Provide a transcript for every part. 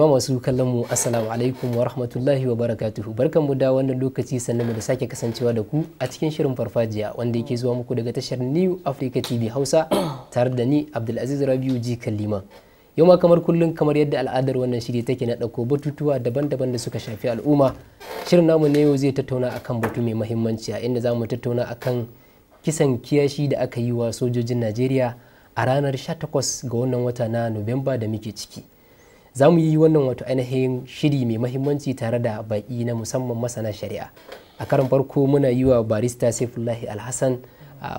jima masu kallon mu assalamu alaikum wa rahmatullahi wa barakatuhu barkan mu da wannan lokaci sannan mu da sake kasancewa da ku a cikin shirin farfajiya wanda yake zuwa muku daga tashar New Africa TV Hausa tare da ni Abdulaziz Rabiu ji liman yau ma kamar kullum kamar yadda al'adar wannan shiri take na ɗauko batutuwa daban-daban da suka shafi al'umma shirin namu ne yau zai tattauna akan batu mai muhimmanci a inda za mu tattauna akan kisan kiyashi da aka yi wa sojojin Najeriya a ranar 18 ga wannan wata na Nuwamba da muke ciki. za mu yi wannan wato ainihin shiri mai mahimmanci tare da baƙi na musamman masana shari'a a karan farko muna yi wa barista saifullahi alhassan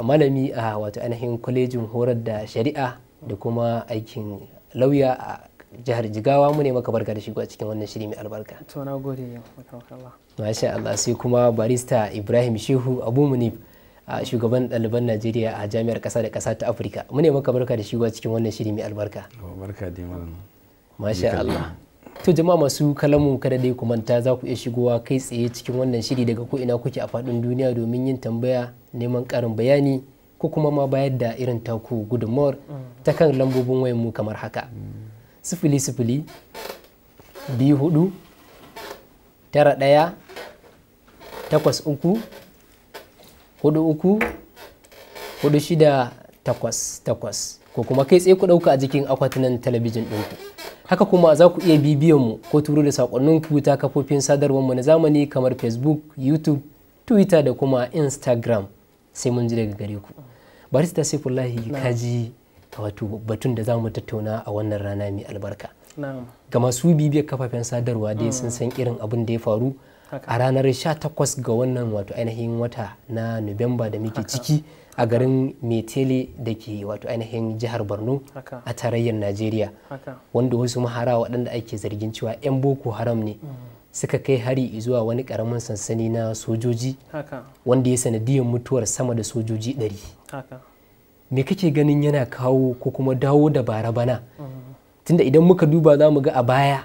malami a wato ainihin kwalejin horar da shari'a da kuma aikin lauya a jihar jigawa mu ne maka barka da shigo a cikin wannan shiri mai albarka masha Allah sai kuma barista Ibrahim Shehu Abu a shugaban ɗaliban Najeriya a jami'ar ƙasa da ƙasa ta Afirka mu ne maka barka da shigo a cikin wannan shiri mai albarka masha Allah to jama'a masu kalamu kada dai ku manta za ku iya shigowa kai tsaye cikin wannan shiri daga ko ina kuke a faɗin duniya domin yin tambaya neman karin bayani ko kuma ma bayar da irin taku gudunmawar mm. ta kan lambobin wayan mu kamar haka sifili sifili biyu hudu tara ɗaya takwas uku hudu uku hudu shida takwas takwas ko kuma kai tsaye ku ɗauka a jikin akwatunan talabijin ɗinku haka kuma za ku iya bibiyan mu ko turo da saƙonninku ta kafofin sadarwar mu na zamani kamar facebook youtube twitter da kuma instagram sai mun ji daga gare ku barista fulahi kaji wato batun da za mu tattauna a wannan rana mai albarka ga masu bibiyar kafafen sadarwa dai sun mm. san irin abin da ya faru a ranar 18 ga wannan wato ainihin wata na nuwamba da muke ciki a garin metele da ke wato ainihin jihar borno a tarayyar najeriya wanda wasu mahara waɗanda ake zargin cewa 'yan boko haram ne mm. suka kai hari zuwa wani karamin sansani na sojoji wanda ya sanadiyar mutuwar sama da sojoji 100 me kake ganin yana kawo ko kuma dawo da bara bana mm. tunda idan muka duba za mu ga a baya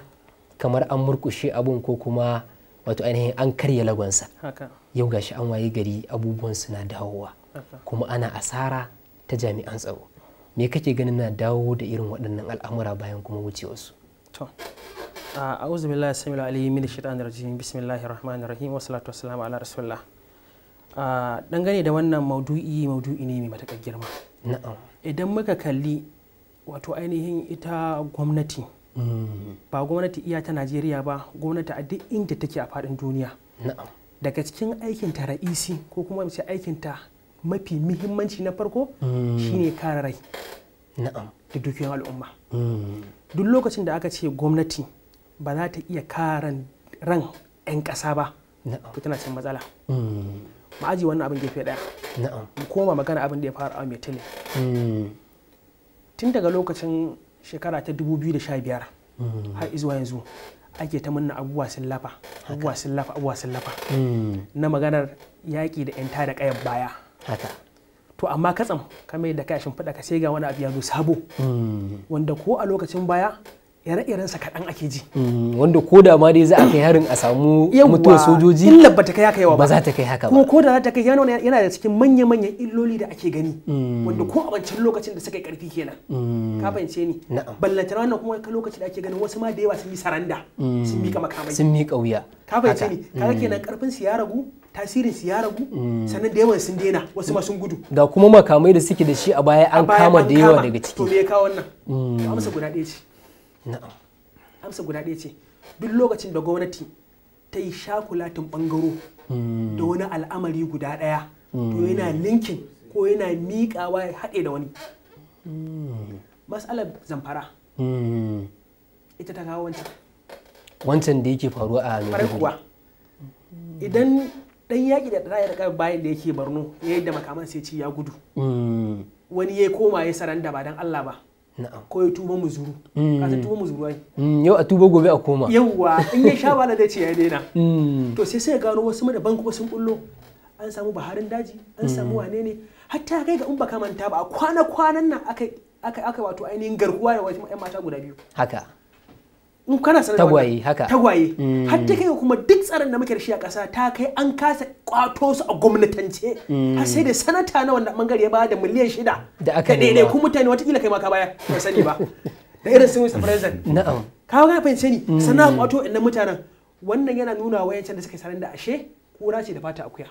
kamar an murkushe abun ko kuma wato ainihin an karya lagonsa yau gashi an waye gari abubuwan suna dawowa kuma ana asara ta jami'an tsaro me kake ganin na dawo da irin waɗannan al'amura bayan kuma wucewarsu to a'udhu samil min shaitanir rajim bismillahir rahmanir rahim ala rasulillah dangane da wannan maudu'i maudu'i ne mai matakar girma idan muka kalli wato ainihin ita gwamnati mm. ba gwamnati iya ta najeriya ba gwamnati a duk inda take a faɗin duniya daga cikin aikinta ra'isi ko kuma mace aikinta mafi muhimmanci na farko mm. shine kare rai da dukiyoyin al'umma mm. duk lokacin da aka ce gwamnati ba za ta iya kare ran 'yan ƙasa ba to tana cin matsala Ma'aji mm. wannan abin gefe daya mu koma magana abin da ya fara a metile tun daga lokacin shekara ta 2015 har izuwa yanzu ake ta munna abubuwa sun lafa abubuwa sun lafa abubuwa sun lafa na maganar yaƙi da 'yan da ƙayar baya haka to amma katsam kamar da kashin fada ka sai ga wani abu ya zo sabo mm. wanda ko a lokacin baya ire-iren sa kaɗan ake ji mm. wanda ko da ma dai za a kai harin a samu mutuwar sojoji illa ba ta kai haka yawa ba za ta kai haka ba kuma ko da za ta kai yana da cikin manya-manyan illoli da ake gani mm. wanda ko a bancin lokacin da suka yi karfi kenan ka fahimce ni ballanta wannan kuma ka lokacin da ake ganin wasu ma da yawa sun yi saranda sun mika makamai sun mika wuya ka fahimce ni kaga kenan karfin su ya ragu tasirin su ya ragu mm. sannan da yawan sun daina wasu ma sun gudu Da kuma makamai da suke da shi a baya an kama da yawa daga ciki to me ya kawo wannan mm. amsa guda ɗaya ce na'am amsa guda ɗaya ce duk lokacin da gwamnati ta yi shakulatin bangaro mm. da wani al'amari guda ɗaya to yana linkin ko yana miƙawa ya haɗe da wani matsalar zamfara ita ta kawo wancan wancan da yake faruwa a kuwa idan dan yaƙi da ɗaya da ƙarfi bayan da yake barno ya yi da makaman sai ci ya gudu mm. wani ya koma ya saran da ba dan Allah ba ko ya tuba muzuru mm. kasan tuba muzuru ne mm, yau a tuba gobe a koma yauwa in ya sha bala zai ce ya daina to sai sai gano wasu mu banku kuma sun bullo an samu baharin daji an samu wane ne hatta kai ga in manta ba a kwana kwanan nan aka aka wato ainihin garkuwa da wasu 'yan mata guda biyu haka in kana sanar tagwaye haka tagwaye mm. har ta kai kuma duk tsarin da muke da shi a kasa ta kai an kasa kwato su a gwamnatance mm. har sai da sanata na wannan bangare ya bada miliyan shida da aka ne kuma mutane kila kai ma ka baya ba sani ba da irin sun Mr. President na'am kawo ga fahimce sani mm. sana kwato inda mutanen wannan yana nuna wayancin da suka sanar da ashe kura ce da fata akuya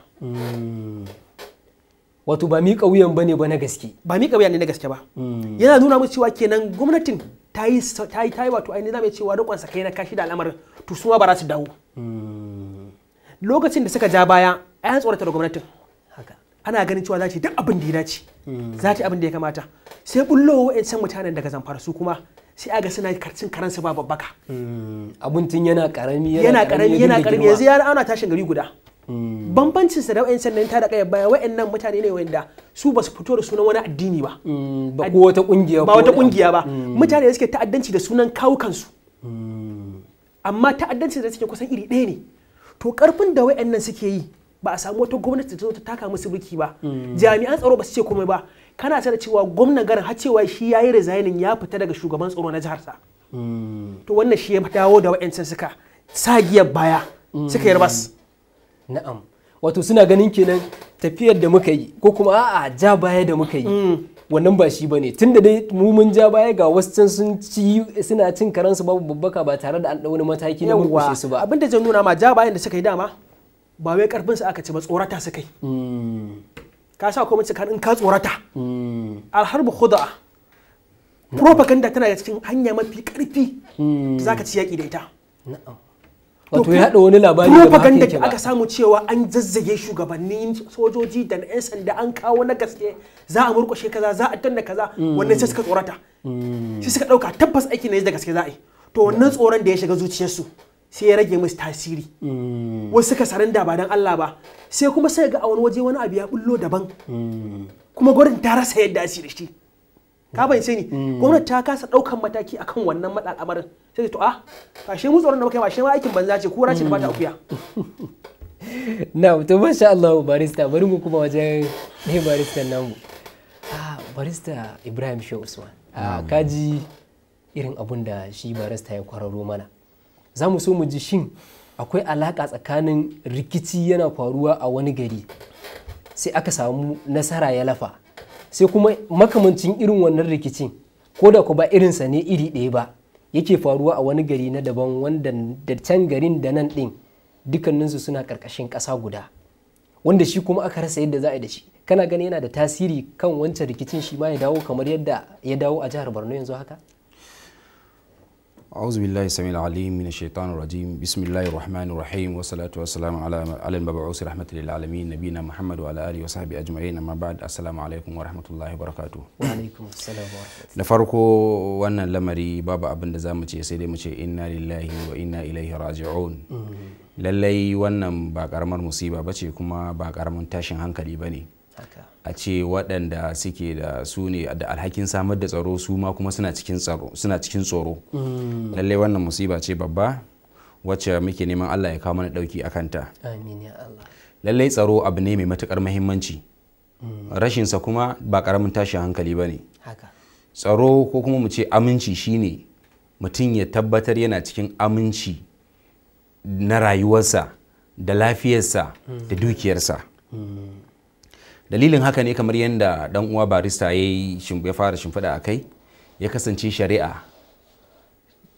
wato ba miƙa wuyan ne ba na gaske ba miƙa wuya ne na gaske ba hmm. yana nuna musu cewa kenan gwamnatin ta yi ta yi wato ainihin zamu cewa rikon sa kai na kashi da al'amarin to su ba za su dawo hmm. lokacin da suka ja baya ayan tsorata da gwamnatin ana ganin cewa za ta yi duk abin da ya dace hmm. za ta yi abin da ya kamata sai bullo wa'ancan mutanen daga zamfara su kuma sai aga suna karcin karansu ba babbaka abun tun yana karami yana karami yana karami yanzu ya ana tashin gari guda bambancin sa da wa'ancan sannan ta da kai baya nan mutane ne wanda su ba su fito da sunan wani addini ba mm, ba ko wata kungiya ba mm. mutane suke ta'addanci da sunan kawukansu mm. amma ta'addanci da suke kusan iri ɗaya ne to karfin da nan suke yi ba a samu wata gwamnati ta ta taka musu birki ba jami'an tsaro ba su ce komai ba kana sanar cewa gwamnan garin har cewa shi ya yi resigning ya fita daga shugaban tsaro na jihar sa to wannan shi ya dawo da wa'ancan suka sagiyar baya suka yi rabas na'am wato suna ganin kenan tafiyar da muka yi ko kuma a'a ja baya da muka yi mm. wannan ba shi bane da dai mu mun ja baya ga wasu can sun ci suna cin karansu babu babbaka ba tare da an ɗau mataki na murkushe su ba abinda zan nuna ma ja bayan da suka yi dama ba wai karfin su aka ci ba tsorata suka yi mm. ka sa kuma cikin in ka tsorata mm. alharbu khuda'a propaganda tana da cikin hanya mafi karfi zaka ci yaki da ita na'am wato ya haɗa wani labari da propaganda ba aka samu cewa an zazzage shugabanni sojoji da na 'yan sanda an kawo na gaske za a murƙushe kaza za a tanna kaza hmm. wannan sai suka tsorata hmm. sai suka ɗauka tabbas aiki ne da gaske za a yi to wannan tsoron da ya shiga zuciyarsu sai ya rage musu tasiri hmm. wasu suka saranda ba dan Allah ba sai kuma sai ga a wani waje wani abu ya bullo daban kuma gwarin ta rasa yadda asiri shi ka bayyance ni gwamnati ta kasa daukan mataki akan wannan al'amarin sai to a ah, kashe mu tsoron da muka yi ba shi ma aikin banza ce ko race ba ta akuya na to masha Allah barista bari mu kuma wajen ne barista namu ah barista Ibrahim Shehu Usman ah kaji irin abun da shi barista ya kwararo mana za mu so mu ji shin akwai alaka tsakanin rikici yana faruwa a wani gari sai aka samu nasara ya lafa sai kuma makamancin irin wannan rikicin ko da ku ba irinsa ne iri ɗaya ba yake faruwa a wani gari na daban wanda da can garin da nan ɗin dukkaninsu suna ƙarƙashin ƙasa guda wanda shi kuma aka rasa yadda za a yi da shi kana gani yana da tasiri kan wancan rikicin shi ma ya dawo kamar yadda ya dawo a jihar borno yanzu haka أعوذ بالله السميع العليم من الشيطان الرجيم بسم الله الرحمن الرحيم والصلاة والسلام على على المبعوث رحمة للعالمين نبينا محمد وعلى آله وصحبه أجمعين أما بعد السلام عليكم ورحمة الله وبركاته وعليكم السلام ورحمة الله نفرقو وانا لمري بابا أبن دزامة سيدي مشي إنا لله وإنا إليه راجعون lallai wannan ba karamar musiba ba ce kuma ba karamin tashin hankali ba ne a ce waɗanda suke da su ne da alhakin samar da tsaro su ma kuma suna cikin tsoro mm. lallai wannan musiba ce babba wacce muke neman allah ya kawo mana ɗauki a kanta lallai tsaro abu ne mai matuƙar mahimmanci mm. rashinsa kuma ba ƙaramin tashin hankali ba ne tsaro ko kuma mu ce aminci shine mutum ya tabbatar yana cikin aminci na rayuwarsa da lafiyarsa mm. da dukiyarsa dalilin haka ne kamar yadda dan uwa barista ya fara shimfiɗa a kai ya kasance shari'a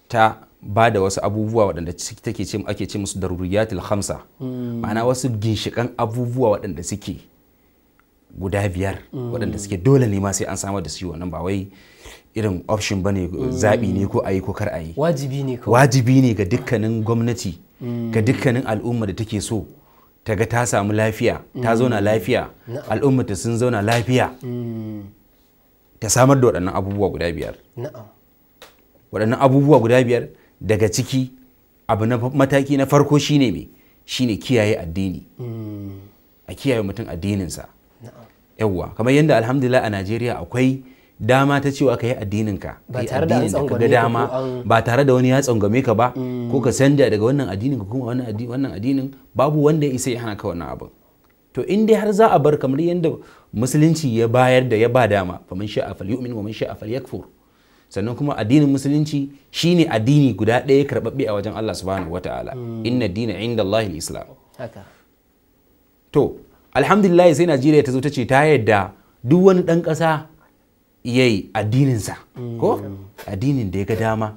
ta ba da wasu abubuwa waɗanda take ce ake ce musu daruriyatul hamsa. Hmm. ma'ana wasu ginshikan abubuwa waɗanda suke guda biyar waɗanda suke dole ne ma sai an samar da su wannan ba wai irin option bane hmm. zaɓi ne ko ayi ko kar ayi wajibi ne wajibi ne ga dukkanin gwamnati ga hmm. dukkanin al'umma da take so ta ga ta samu lafiya ta zauna mm. lafiya al'ummata sun zauna lafiya mm. ta samar da waɗannan abubuwa guda biyar waɗannan abubuwa guda biyar daga ciki abu na mataki na farko shine mai shine kiyaye addini mm. a kiyaye mutum addininsa yawwa kamar yadda alhamdulillah a najeriya akwai dama ta cewa ka yi addininka ka addinin da ka ga dama ba tare da wani ya tsangwame ka ba mm. ko ka sanja daga wannan addinin ka kuma wannan addinin babu wanda ya isa ya hana ka wannan abin to in dai har za a bar kamar yadda musulunci ya bayar da ya ba dama fa man sha'a falyu'min wa man sha'a falyakfur sannan kuma addinin musulunci shine addini guda ɗaya karɓaɓɓe a wajen Allah subhanahu wataala mm. inna dina inda Allah islam to alhamdulillah sai Najeriya ta zo ta ce ta yadda duk wani ɗan ƙasa iya yi addininsa mm. ko addinin da ya ga dama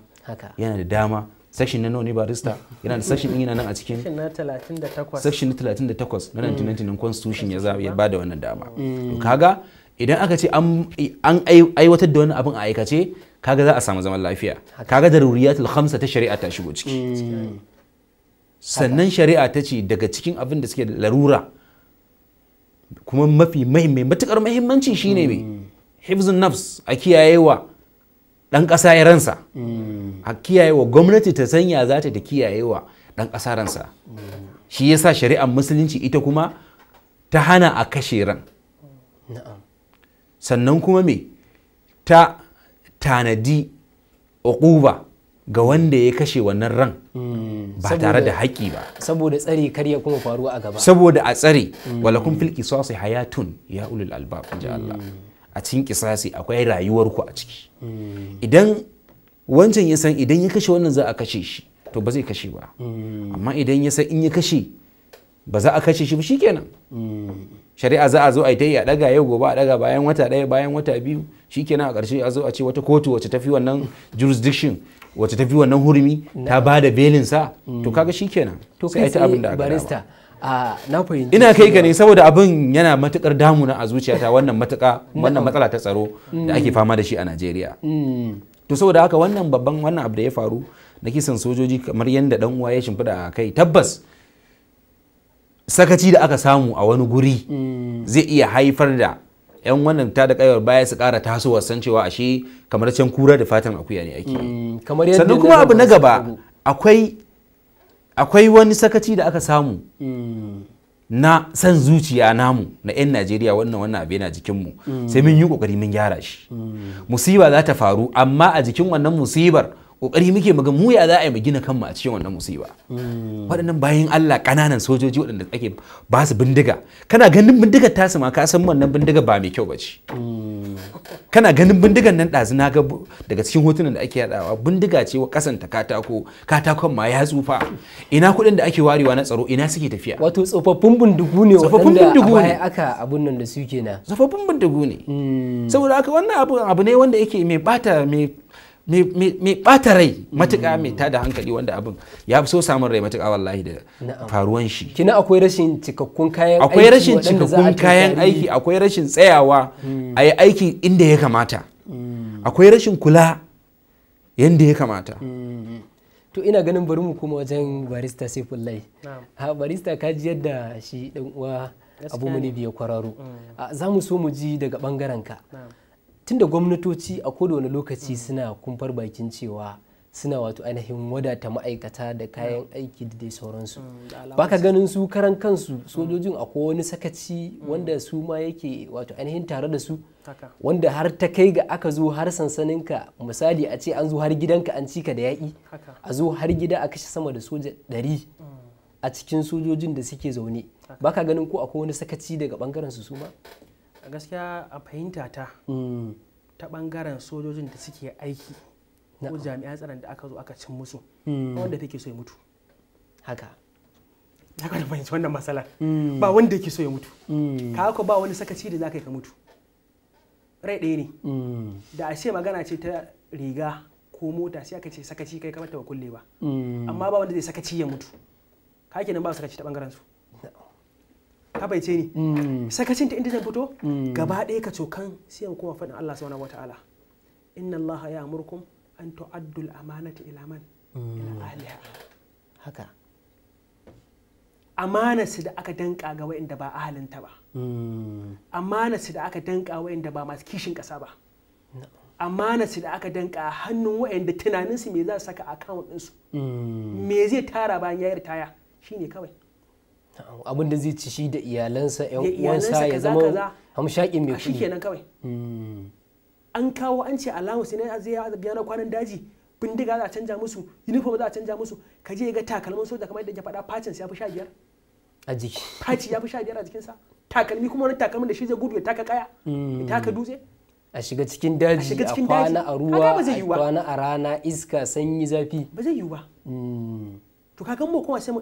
yana da dama section na nawa ne barista yana da section yana nan a cikin section na 38 na 1999 mm. constitution ya ya mm. bada wannan dama kaga idan aka ce an aiwatar da wani abin a aikace kaga za a samu zaman lafiya kaga da ruriyatul khamsa ta shari'a ta shigo ciki sannan shari'a ta ce daga cikin abin da suke da larura kuma mafi mai matukar muhimmanci shine mai hifzin nafs a kiyaye wa ɗan ƙasa ya ransa mm. a wa gwamnati ta sanya za ta da wa ɗan ƙasa ransa mm. shi sa shari'ar musulunci ita kuma ta hana a kashe ran sannan kuma me ta tanadi uquba ga wanda ya kashe wannan ran mm. ba tare da haƙƙi ba saboda tsare karya kuma faruwa a gaba saboda a tsare walakun filki sosai hayatun ya ulul albab Allah a cikin kisasi akwai rayuwarku a ciki idan wancan ya san idan ya kashe wannan za a kashe shi to ba zai kashe ba amma idan ya san in ya kashe ba za a kashe shi ba shikenan shari'a za a zo a yi ta yi a daga yau gobe a daga bayan wata ɗaya bayan wata biyu shikenan a ƙarshe a zo a ce wata kotu wacce tafi wannan jurisdiction wacce tafi wannan hurumi ta ba da belin sa to kaga shikenan sai ta abin da aka barista na fahimci ina kai ka ne saboda abin yana matukar damuna a zuciyata wannan matuka wannan matsala ta tsaro da ake mm. fama da shi a Najeriya mm. to saboda haka wannan babban wannan abu da ya faru na kisan sojoji kamar yadda dan uwa ya shimfida a kai tabbas sakaci da aka samu a wani guri mm. zai iya haifar da 'yan wannan ta da kaiwar baya su kara tasowa san cewa ashe kamar can kura da fatan akuya ne ake sannan kuma abu na gaba akwai akwai wani sakaci da aka samu hmm. na san zuciya namu na 'yan najeriya wannan wannan abu yana jikinmu hmm. sai mun yi kokari mun gyara shi hmm. musiba za ta faru amma a jikin wannan musibar kokari muke maga mu ya za a yi gina kanmu a cikin wannan musiba mm. waɗannan bayan Allah ƙananan sojoji waɗanda ake ba su bindiga kana ganin bindigar tasu ma ka san wannan bindiga ba mai kyau ba ce mm. kana ganin bindigar nan ɗazu na ga daga cikin hotunan da ake yaɗawa bindiga ce wa kasanta katako katakon ma ya tsufa ina kuɗin da ake warewa na tsaro ina suke tafiya wato tsofaffin bindigu ne waɗanda a aka abun nan da suke na tsofaffin bindigu ne mm. saboda haka wannan abu ne wanda yake mai bata mai mai bata rai mm. matuƙa mai ta da hankali wanda abin ya fi so samun rai matuƙa wallahi da faruwan shi kina akwai rashin cikakkun kayan aiki akwai rashin cikakkun kayan aiki akwai rashin tsayawa mm. a yi aiki inda ya kamata mm. akwai rashin kula yadda ya kamata to ina ganin bari mu kuma wajen barista saifullahi ha barista ka ji yadda shi dan uwa abu muni biya kwararo za mu so mu ji daga bangaren ka tunda gwamnatoci a kowane lokaci suna kumfar bakin cewa suna wato ainihin wadata ma'aikata da kayan aiki da dai sauransu mm, baka ganin su karan kansu sojojin akwai wani sakaci wanda su ma yake wato ainihin tare da su wanda har ta kai ga aka zo har sansaninka misali a ce an zo har gidanka an cika da yaƙi a zo har gida a kashe sama da soja ɗari mm. a cikin sojojin da suke zaune baka ganin ko akwai wani sakaci daga bangaren su su ma a gaskiya a fahimta ta mm. ta bangaren sojojin da suke aiki ko jami'an tsaron da aka zo aka cin musu mm. wanda take so ya mutu haka ya da fahimci wannan matsalar mm. ba wanda yake so ya mutu ka haka ba wani sakaci da za ka yi ka mutu rai ɗaya ne da a ce magana ce ta riga ko mota sai aka ce sakaci kai kamar ta kulle ba amma ba wanda zai sakaci ya mutu ka nan ba sakaci ta bangaren su bai ce ni mm. sakacin ta inda zan fito mm. gaba ɗaya ka cokan sai mu faɗin Allah subhanahu wataala inna Allah ya amurkum an tu'addul amanata ila man mm. ila ahliha haka amana su da aka danka ga wa'inda ba ahalinta ba amana su da aka danka wa'inda ba masu kishin ƙasa ba amana su da aka danka hannun wa'inda tunaninsu me za su saka account ɗinsu me zai tara bayan ya yi ritaya shine kawai abin da zai ci shi da iyalansa yan uwansa ya zama hamshakin mai ah, kuɗi shikenan kawai hmm. an kawo an ce alamu sai na zai ya biya na kwanan daji bindiga za a canja musu uniform za a canja musu ka je ga takalmin soja kamar yadda ya faɗa patches ya fi sha biyar a jiki faci ya fi sha biyar a sa takalmi kuma wani takalmin da shi zai gudu ya taka kaya ya taka hmm. dutse a shiga cikin daji a kwana a ruwa a kwana a rana iska sanyi zafi ba zai yiwu ba hmm. to kaga mu kuma sai mu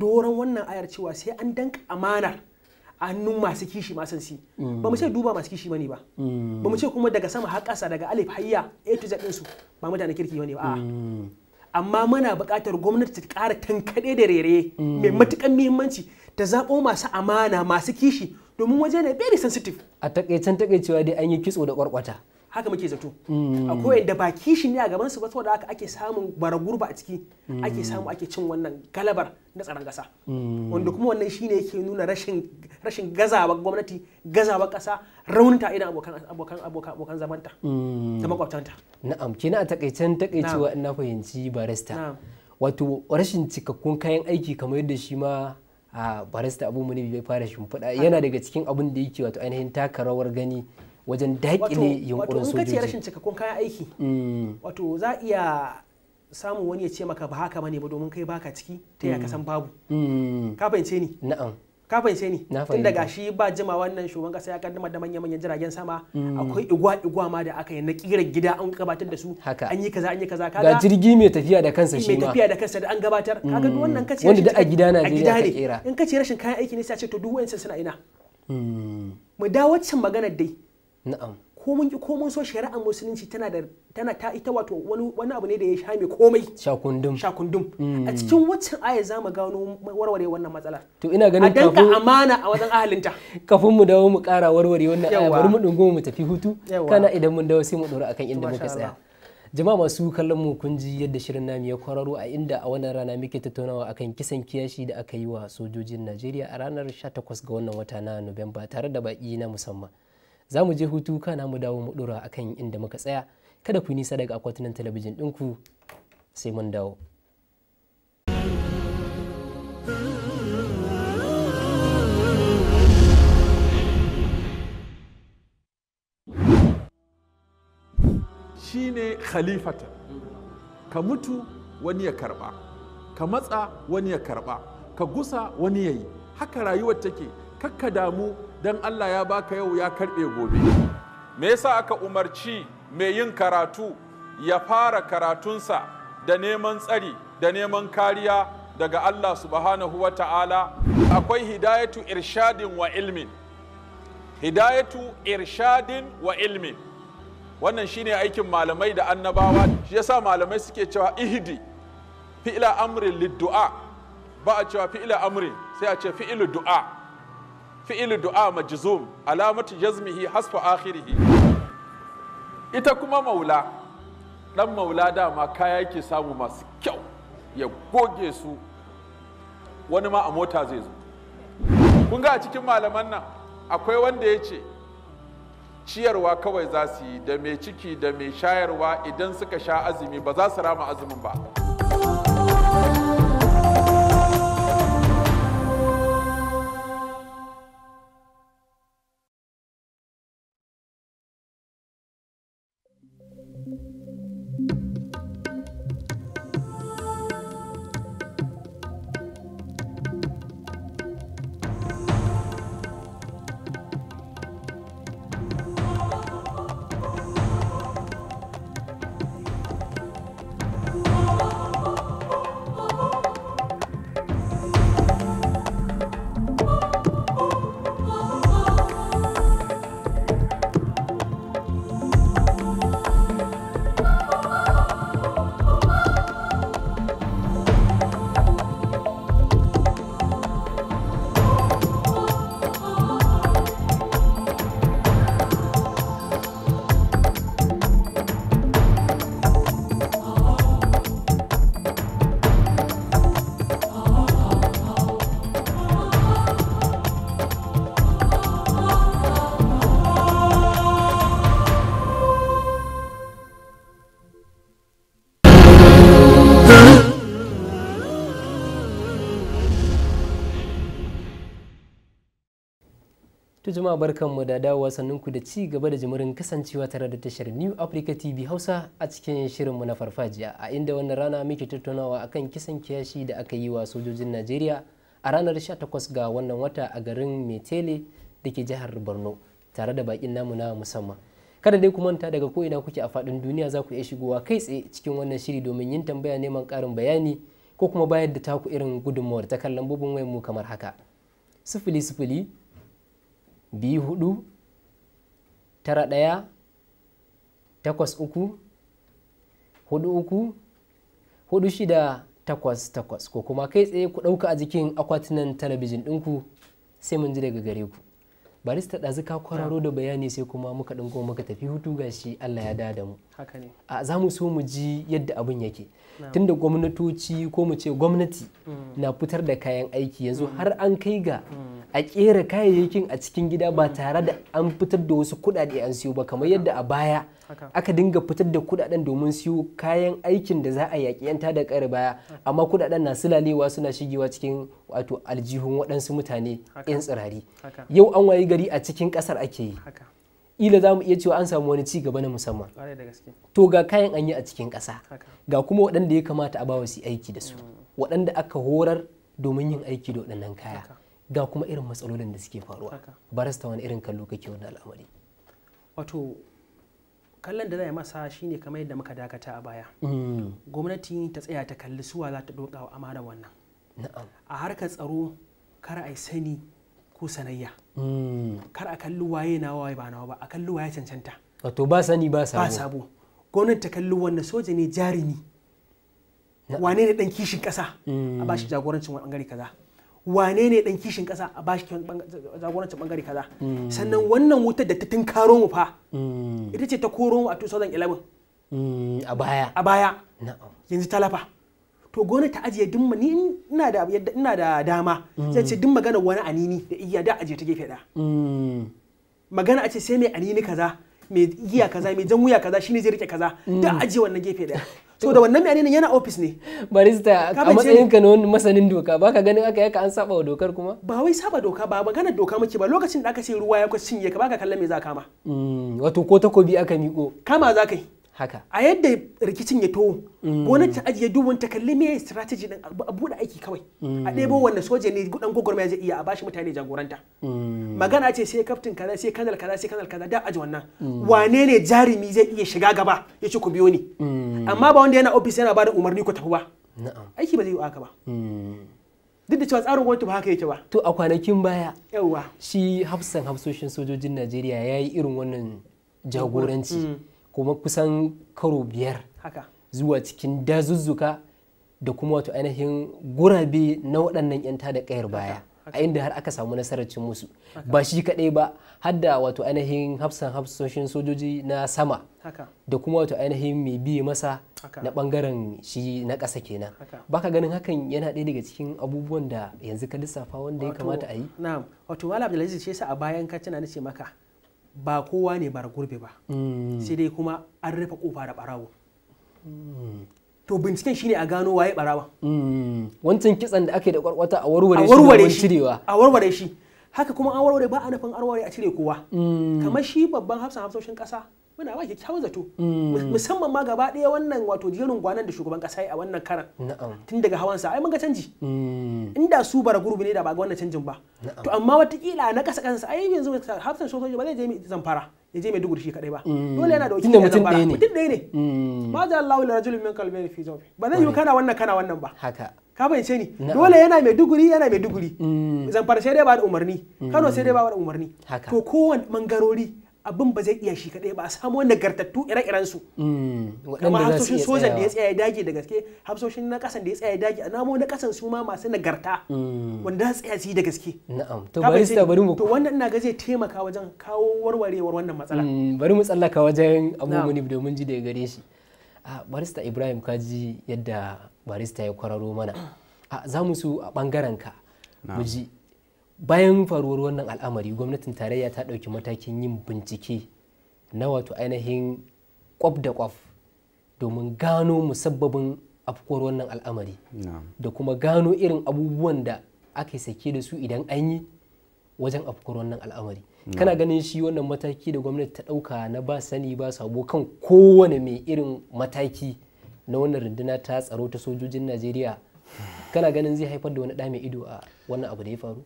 doron wannan ayar cewa sai an danka amanar a hannun masu kishi masan si mm. ba mu ce duba masu kishi bane ba mm. ba mu ce kuma daga sama har ƙasa daga alif hayya a to z su ba mu mutane kirki bane ba mm. amma muna buƙatar gwamnati ta ƙara tankaɗe da rere mai matuƙar muhimmanci ta zaɓo masu amana masu kishi domin waje ne very sensitive a takaicen takaicewa dai an yi kitso da kwarkwata haka muke zato mm. akwai yadda ba kishi ne a gaban su ba saboda haka ake samun bara gurba a ciki ake mm. samu ake cin wannan galabar na tsaron kasa mm. wanda kuma wannan shine yake nuna rashin rashin gazawa gwamnati gazawa kasa raunta idan abokan abokan abokan zamanta da makwabtanta na'am kina a takaicen takaicewa ina fahimci barista wato rashin cikakkun kayan aiki kamar yadda shi ma a ah, barista abu ne bai fara shimfiɗa yana daga cikin abin da yake wato ainihin taka rawar gani wajen daƙile yunkurin sojoji wato in kace rashin cikakkun kayan aiki mm. wato za a iya samun wani ya ce maka ba haka bane ba domin kai baka ciki ta ya kasan babu mm. ka fahimce ni na'am ka fahimce ni tun daga shi ba jima wannan shugaban kasa ya kaddama da manya manyan jiragen sama mm. akwai igwa igwa ma da aka yi na kiran gida an gabatar da su an yi kaza an yi kaza kaga ga jirgi mai tafiya da kansa shi ma mai tafiya da kansa da an gabatar kaga duk wannan kace wanda da a gida na gida ne in kace rashin kayan aiki ne sai a ce to duk wayansu suna ina mu dawo can magana dai na'am ko mun ki ko mun so shari'ar musulunci tana da tana ta ita wato wani wani abu ne da ya shame komai shakundum shakundum a mm. cikin waccan aya za mu gano warware wannan matsala to ina ganin kafin a danka amana a wajen ahalinta kafin mu dawo mu kara warware wannan aya bari mu dungo mu tafi hutu kana idan mun dawo sai mu dora akan inda muka tsaya jama'a masu kallon mu kun ji yadda shirin nami ya kwararo a inda a wannan rana muke tattaunawa akan kisan kiyashi da aka yi wa sojojin Najeriya a ranar 18 ga wannan wata na Nuwamba tare da baki na musamman za mu je hutu kana mu dawo mu dora akan inda muka tsaya kada ku nisa daga akwatunan talabijin ɗinku sai mun dawo Shi ne khalifata ka mutu wani ya karba ka matsa wani ya karba ka gusa wani ya yi haka rayuwar take kakka damu dan Allah ya baka yau ya karɓe gobe me yasa aka umarci mai yin karatu ya fara karatunsa da neman tsari da neman kariya daga Allah subhanahu wa ta'ala akwai hidayatu irshadin wa ilmin hidayatu irshadin wa ilmin wannan shine aikin malamai da annabawa shi yasa malamai suke cewa ihdi fi'la amrin liddu'a ba a cewa fi'la amrin sai a ce fi'lu du'a fi'il du'a majzum alamatu jazmihi hasfa akhirih ita kuma maula dan maula dama kaya yake samu masu kyau ya goge su wani ma a mota zai zo kun ga a cikin malaman nan akwai wanda ya ce ciyarwa kawai za su yi da mai ciki da mai shayarwa idan suka sha azumi ba za su rama azumin ba jima barkan mu da dawowa ku da ci gaba da jimirin kasancewa tare da tashar New Africa TV Hausa a cikin shirin mu na farfajiya a inda wannan rana muke tattaunawa akan kisan kiyashi da aka yi wa sojojin Najeriya a ranar 18 ga wannan wata a garin Metele da ke jihar Borno tare da bakin namu na musamman. Kada dai ku manta daga ko ina kuke a faɗin duniya za ku iya shigowa kai tsaye cikin wannan shiri domin yin tambaya neman karin bayani ko kuma bayar da taku irin gudunmawar ta kan lambobin mu kamar haka. Sifili sifili biyu hudu tara ɗaya takwas uku hudu uku hudu shida takwas takwas ko kuma kai tsaye ku ɗauka a jikin akwatunan talabijin ɗinku sai mun ji daga gare ku barista ɗazu ka kwararo da bayani sai kuma muka ɗinko muka tafi hutu ga shi Allah ya dada mu a za mu so mu ji yadda abin yake tunda gwamnatoci ko mu ce gwamnati mm. na fitar da kayan aiki yanzu mm. har an kai ga mm. a kera kayayyakin a cikin gida ba tare da an fitar da wasu kuɗaɗe an siyo ba kamar yadda a baya aka dinga fitar da kudaden domin siyo kayan aikin da za a yaƙi yanta da ƙari baya amma kudaden na silalewa suna shigewa cikin wato aljihun waɗansu mutane 'yan tsirari yau an wayi gari a cikin ƙasar ake yi ila za mu iya cewa an samu wani ci gaba na musamman to ga kayan an yi a cikin ƙasa ga kuma waɗanda ya kamata a bawa su aiki da su mm. waɗanda aka horar domin yin aiki da waɗannan kaya ga kuma irin matsalolin da suke faruwa barasta wani irin kallo kake wani al'amari wato kallon da za a masa shine kamar yadda muka dakata a baya mm. gwamnati ta tsaya ta kalli suwa za ta doka wa amara wannan a harkar tsaro kar a sani ko sanayya mm. kar a kalli waye na waye ba nawa ba a kalli waye cancanta wato ba sani ba sabo ba sabo gwamnati ta kalli wannan soja ne jarumi wane ne dan kishin kasa a mm. bashi jagorancin wani bangare kaza wane ne dan kishin kasa a bashi jagorancin bangare kaza sannan wannan wutar da ta tunkaro mu fa mm. ita ce ta koro mu a 2011 mm, a baya a baya yanzu ta lafa. to gona ta ajiye duk ni ina da ina da dama Sai mm. ce duk magana wani anini da iya da ajiye ta gefe da magana a ce sai mai anini kaza mai iya kaza mai jan wuya kaza shine zai rike kaza da ajiye wannan gefe da so da wannan mai yana ofis ne barista a matsayin ka wani masanin doka ba ka ganin aka yaka an saba wa dokar kuma ba wai saba doka ba magana doka muke ba lokacin da aka ce ruwa ya cinye ka baka kallon me za kama hmm, wato ko takobi aka miko kama za ka yi haka a yadda rikicin ya towo gwamnati ta ajiye dubun ta kalli strategy din a bude aiki kawai a ɗebo wanda soja ne dan gwagwarmaya zai iya a bashi mutane jagoranta mm. magana ce sai kaftin kaza sai kanal kaza sai kanal kaza da aji wannan wane ne jarumi zai iya shiga gaba ya ci ku biyo ni mm. amma ba wanda yana ofis yana bada umarni ku tafi ba aiki ba zai yi haka ba mm. duk da cewa tsarin gwamnati ba haka yake ba to a kwanakin baya yawa shi hafsan hafsoshin sojojin Najeriya ya yi irin wannan jagoranci kuma kusan karo biyar zuwa cikin dazuzzuka da kuma wato ainihin gurabe na waɗannan 'yan da ƙayar baya a inda har aka samu nasarar cin musu ba shi kaɗai ba har da wato ainihin hafsan hafsoshin sojoji na sama da kuma wato ainihin mai biye masa na ɓangaren shi na ƙasa kenan baka ganin hakan yana ɗaya daga cikin abubuwan da yanzu ka lissafa wanda ya kamata a yi na wato malam abdulaziz shi yasa a bayan ka tana nace maka ba kowa ne bara gurbe ba mm. sai dai kuma an rufe kofa da barawo to binciken shine a gano waye barawa mm. wancan kitsan da ake da kwarkwata a warware shi a warware shi haka kuma an warware ba a nufin arware a cire kowa mm. kamar shi babban hafsan hafsoshin kasa muna ba kyakkyawan zato mm. musamman ma gaba ɗaya wannan wato jerin gwanan da shugaban kasa a wannan karan tun daga hawan sa ai mun ga canji mm. inda su bara gurbi ne da ba ga wannan canjin ba to amma watakila na kasa kansa ai yanzu hafsan sojoji ba zai je zamfara ya je mai duguri shi kadai ba mm. dole yana da wakili mutum ɗaya ne mutum ɗaya ne ma za Allah ila rajulun min kalbayn fi zawfi ba zai yi kana wannan kana wannan ba haka ka bayyance ni dole yana mai duguri yana mai duguri zamfara sai dai ba da umarni Kano sai dai ba da umarni to kowane mangarori. abin ba zai iya shi kaɗai ba a samu nagartattu ire-iren mm, su kamar hafsoshin sojan da ya tsaya ya dage da gaske hafsoshin na kasan da ya tsaya ya dage a namo na kasan su ma masu nagarta mm. wanda za tsaya su yi da gaske na'am to bari su bari mu to wannan ina ga zai taimaka wajen kawo warwarewar wannan matsala mm, bari mu tsallaka wajen abumuni domin ji daga gare shi barista ibrahim kaji yadda barista ya kwararo mana za mu su a bangaren ka mu ji bayan faruwar wannan al'amari gwamnatin tarayya ta ɗauki matakin yin bincike na wato ainihin kwaf da kwaf domin gano musabbabin afkuwar wannan al'amari da kuma gano irin abubuwan da aka sake da su idan an yi wajen afkuwar wannan al'amari kana ganin shi wannan mataki da gwamnati ta ɗauka na ba sani ba sabo kan kowane mai irin mataki na wannan runduna ta tsaro ta sojojin najeriya kana ganin zai haifar da wani ɗa mai ido a wannan abu da ya faru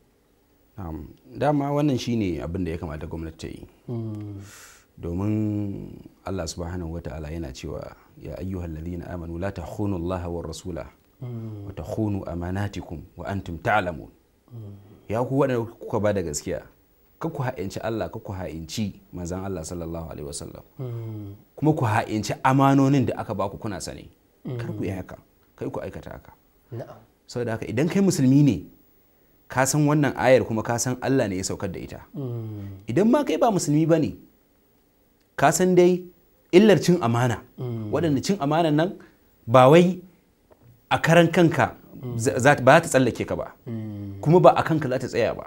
dama wannan shine abin da ya kamata gwamnati ta yi domin allah subhanahu wa ta'ala yana cewa ya ayyuhal na amanu la takhunu allah wa rasula wa takhunu amanatikum wa antum ta'lamun ya ku wadanda kuka ba da gaskiya ka ku ha'inci allah ka ku ha'inci manzon allah sallallahu alaihi wasallam kuma ku ha'inci amanonin da aka baku kuna sani kar ku haka kai ku aikata haka saboda haka idan kai musulmi ne ka san wannan ayar kuma ka san Allah ne ya saukar da ita idan ma kai ba musulmi ba ne ka san dai illar cin amana waɗanda cin amana nan ba wai a karan kanka ba za ta tsallake ka ba kuma ba a kanka za ta tsaya ba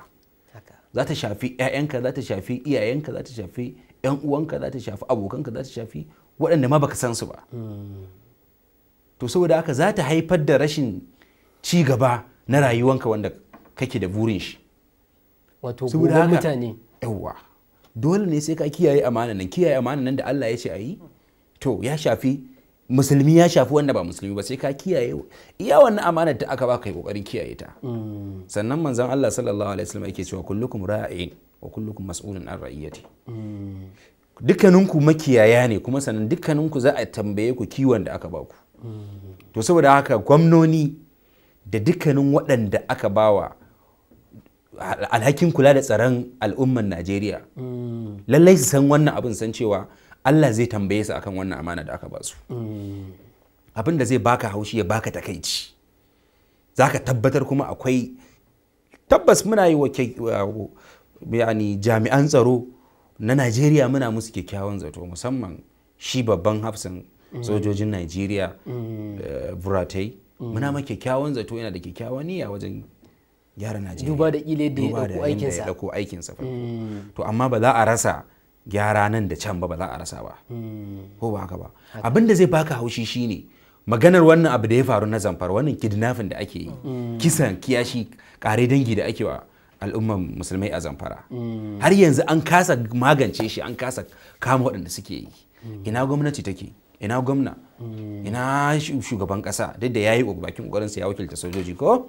za ta shafi 'ya'yanka za ta shafi iyayenka za ta shafi 'yan uwanka za ta shafi abokanka za ta shafi waɗanda ma baka san su ba to saboda haka za ta haifar da rashin ci gaba na rayuwanka wanda kake da burin shi wato gogon mutane yawwa dole ne sai ka kiyaye amana nan kiyaye amana nan da Allah ya ce a yi to ya shafi musulmi ya shafi wanda ba musulmi ba sai ka kiyaye iya wannan amanar da aka baka yi kokarin kiyaye ta mm. sannan manzon Allah sallallahu alaihi wasallam yake cewa kullukum ra'in wa kullukum mas'ulun an ra'iyati mm. dukkaninku makiyaya ne kuma sannan dukkaninku za a tambaye ku kiwon da aka baku mm. to saboda haka gwamnoni da dukkanin waɗanda aka bawa alhakin kula da tsaron al'umman najeriya lallai su san wannan abin san cewa allah zai tambaye su akan wannan amana da aka ba su abin da zai baka haushi ya baka takaici za ka tabbatar kuma akwai tabbas muna yi wa jami'an tsaro na najeriya muna musu kyakkyawan zato musamman shi babban hafsan sojojin najeriya eh, buratai muna ma kyakkyawan zato yana da kyakkyawan niyya wajen gyara najeriya duba da ile da ya dauko aikinsa mm. to amma ba za a rasa gyara nan da can ba ba za a rasa ba mm. ko ba haka ba abin da zai baka haushi shine maganar wannan abu da ya faru na zamfara wannan kidnapping da ake yi mm. kisan kiyashi kare dangi da ake wa al'ummar musulmai a zamfara har yanzu an kasa magance shi an kasa kama waɗanda suke yi ina gwamnati take ina gwamna ina shugaban kasa duk da yayi bakin kokarin sa ya wakilta sojoji ko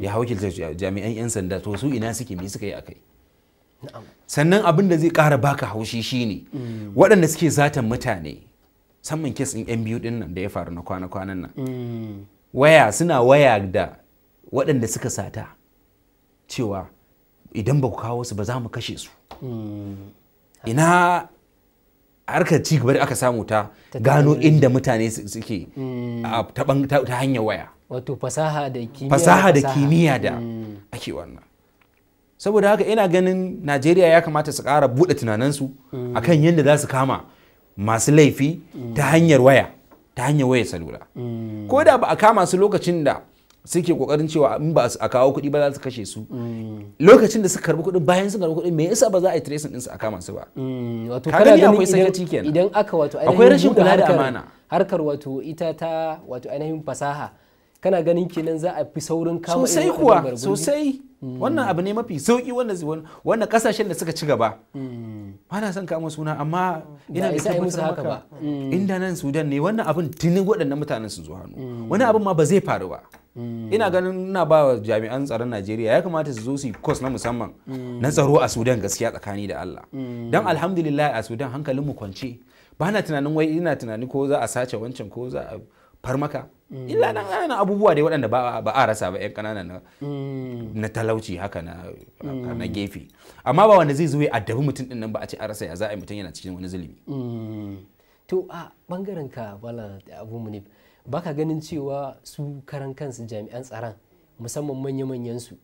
ya wakilta jami'an yan sanda to su ina suke me suka yi akai sannan abin da zai kara baka haushi shine mm. waɗanda suke zatan mutane musamman kes ɗin 'yan biyu ɗin nan da ya faru na kwana-kwanan nan mm. waya suna waya da waɗanda suka sata cewa idan ba ku kawo su ba za mu kashe su mm. ina harkar ci gaba da aka samu ta gano inda mutane suke mm. ta hanyar waya wato fasaha da kimiyya da mm. ake wannan saboda haka ina ganin najeriya ya kamata su ƙara buɗe tunaninsu mm. akan yadda za su kama masu laifi ta hanyar waya ta hanyar waya salula ko da ba a kama su lokacin da suke kokarin cewa in ba a kawo kuɗi ba za su kashe su mm. lokacin da suka karbi kuɗin bayan suka karbi kuɗin me yasa ba za a yi tracing ɗinsu a kama su ba mm. wato kana ganin akwai sakaci kenan idan aka wato akwai rashin kula da amana harkar wato ita ta wato ainihin fasaha kana ganin kenan za a fi saurin kawo sosai kuwa sosai mm. wannan abu ne mafi sauki wanda wannan kasashen da suka ci gaba ba na son kama suna amma ina da tabbatar haka ba inda nan sudan ne wannan abin tuni waɗannan mutanen sun zo hannu wani abin ma ba zai faru ba Mm. ina ganin ina ba wa jami'an tsaron najeriya ya kamata su zo su yi kwas na musamman mm. na tsaro a sudan gaskiya tsakani da allah mm. don alhamdulillah a sudan hankalin mu kwance ba na tunanin wai ina tunani ko za a sace wancan ko za a farmaka illa nan ana abubuwa dai waɗanda ba a rasa ba yan kanana na talauci haka na gefe amma ba wanda zai zo ya addabi mutum din nan ba a ce a rasa ya za a yi mutum yana cikin wani zulumi to a bangaren ka bala abu munib baka ganin cewa su karan kansu jami'an tsaron musamman manya-manyan su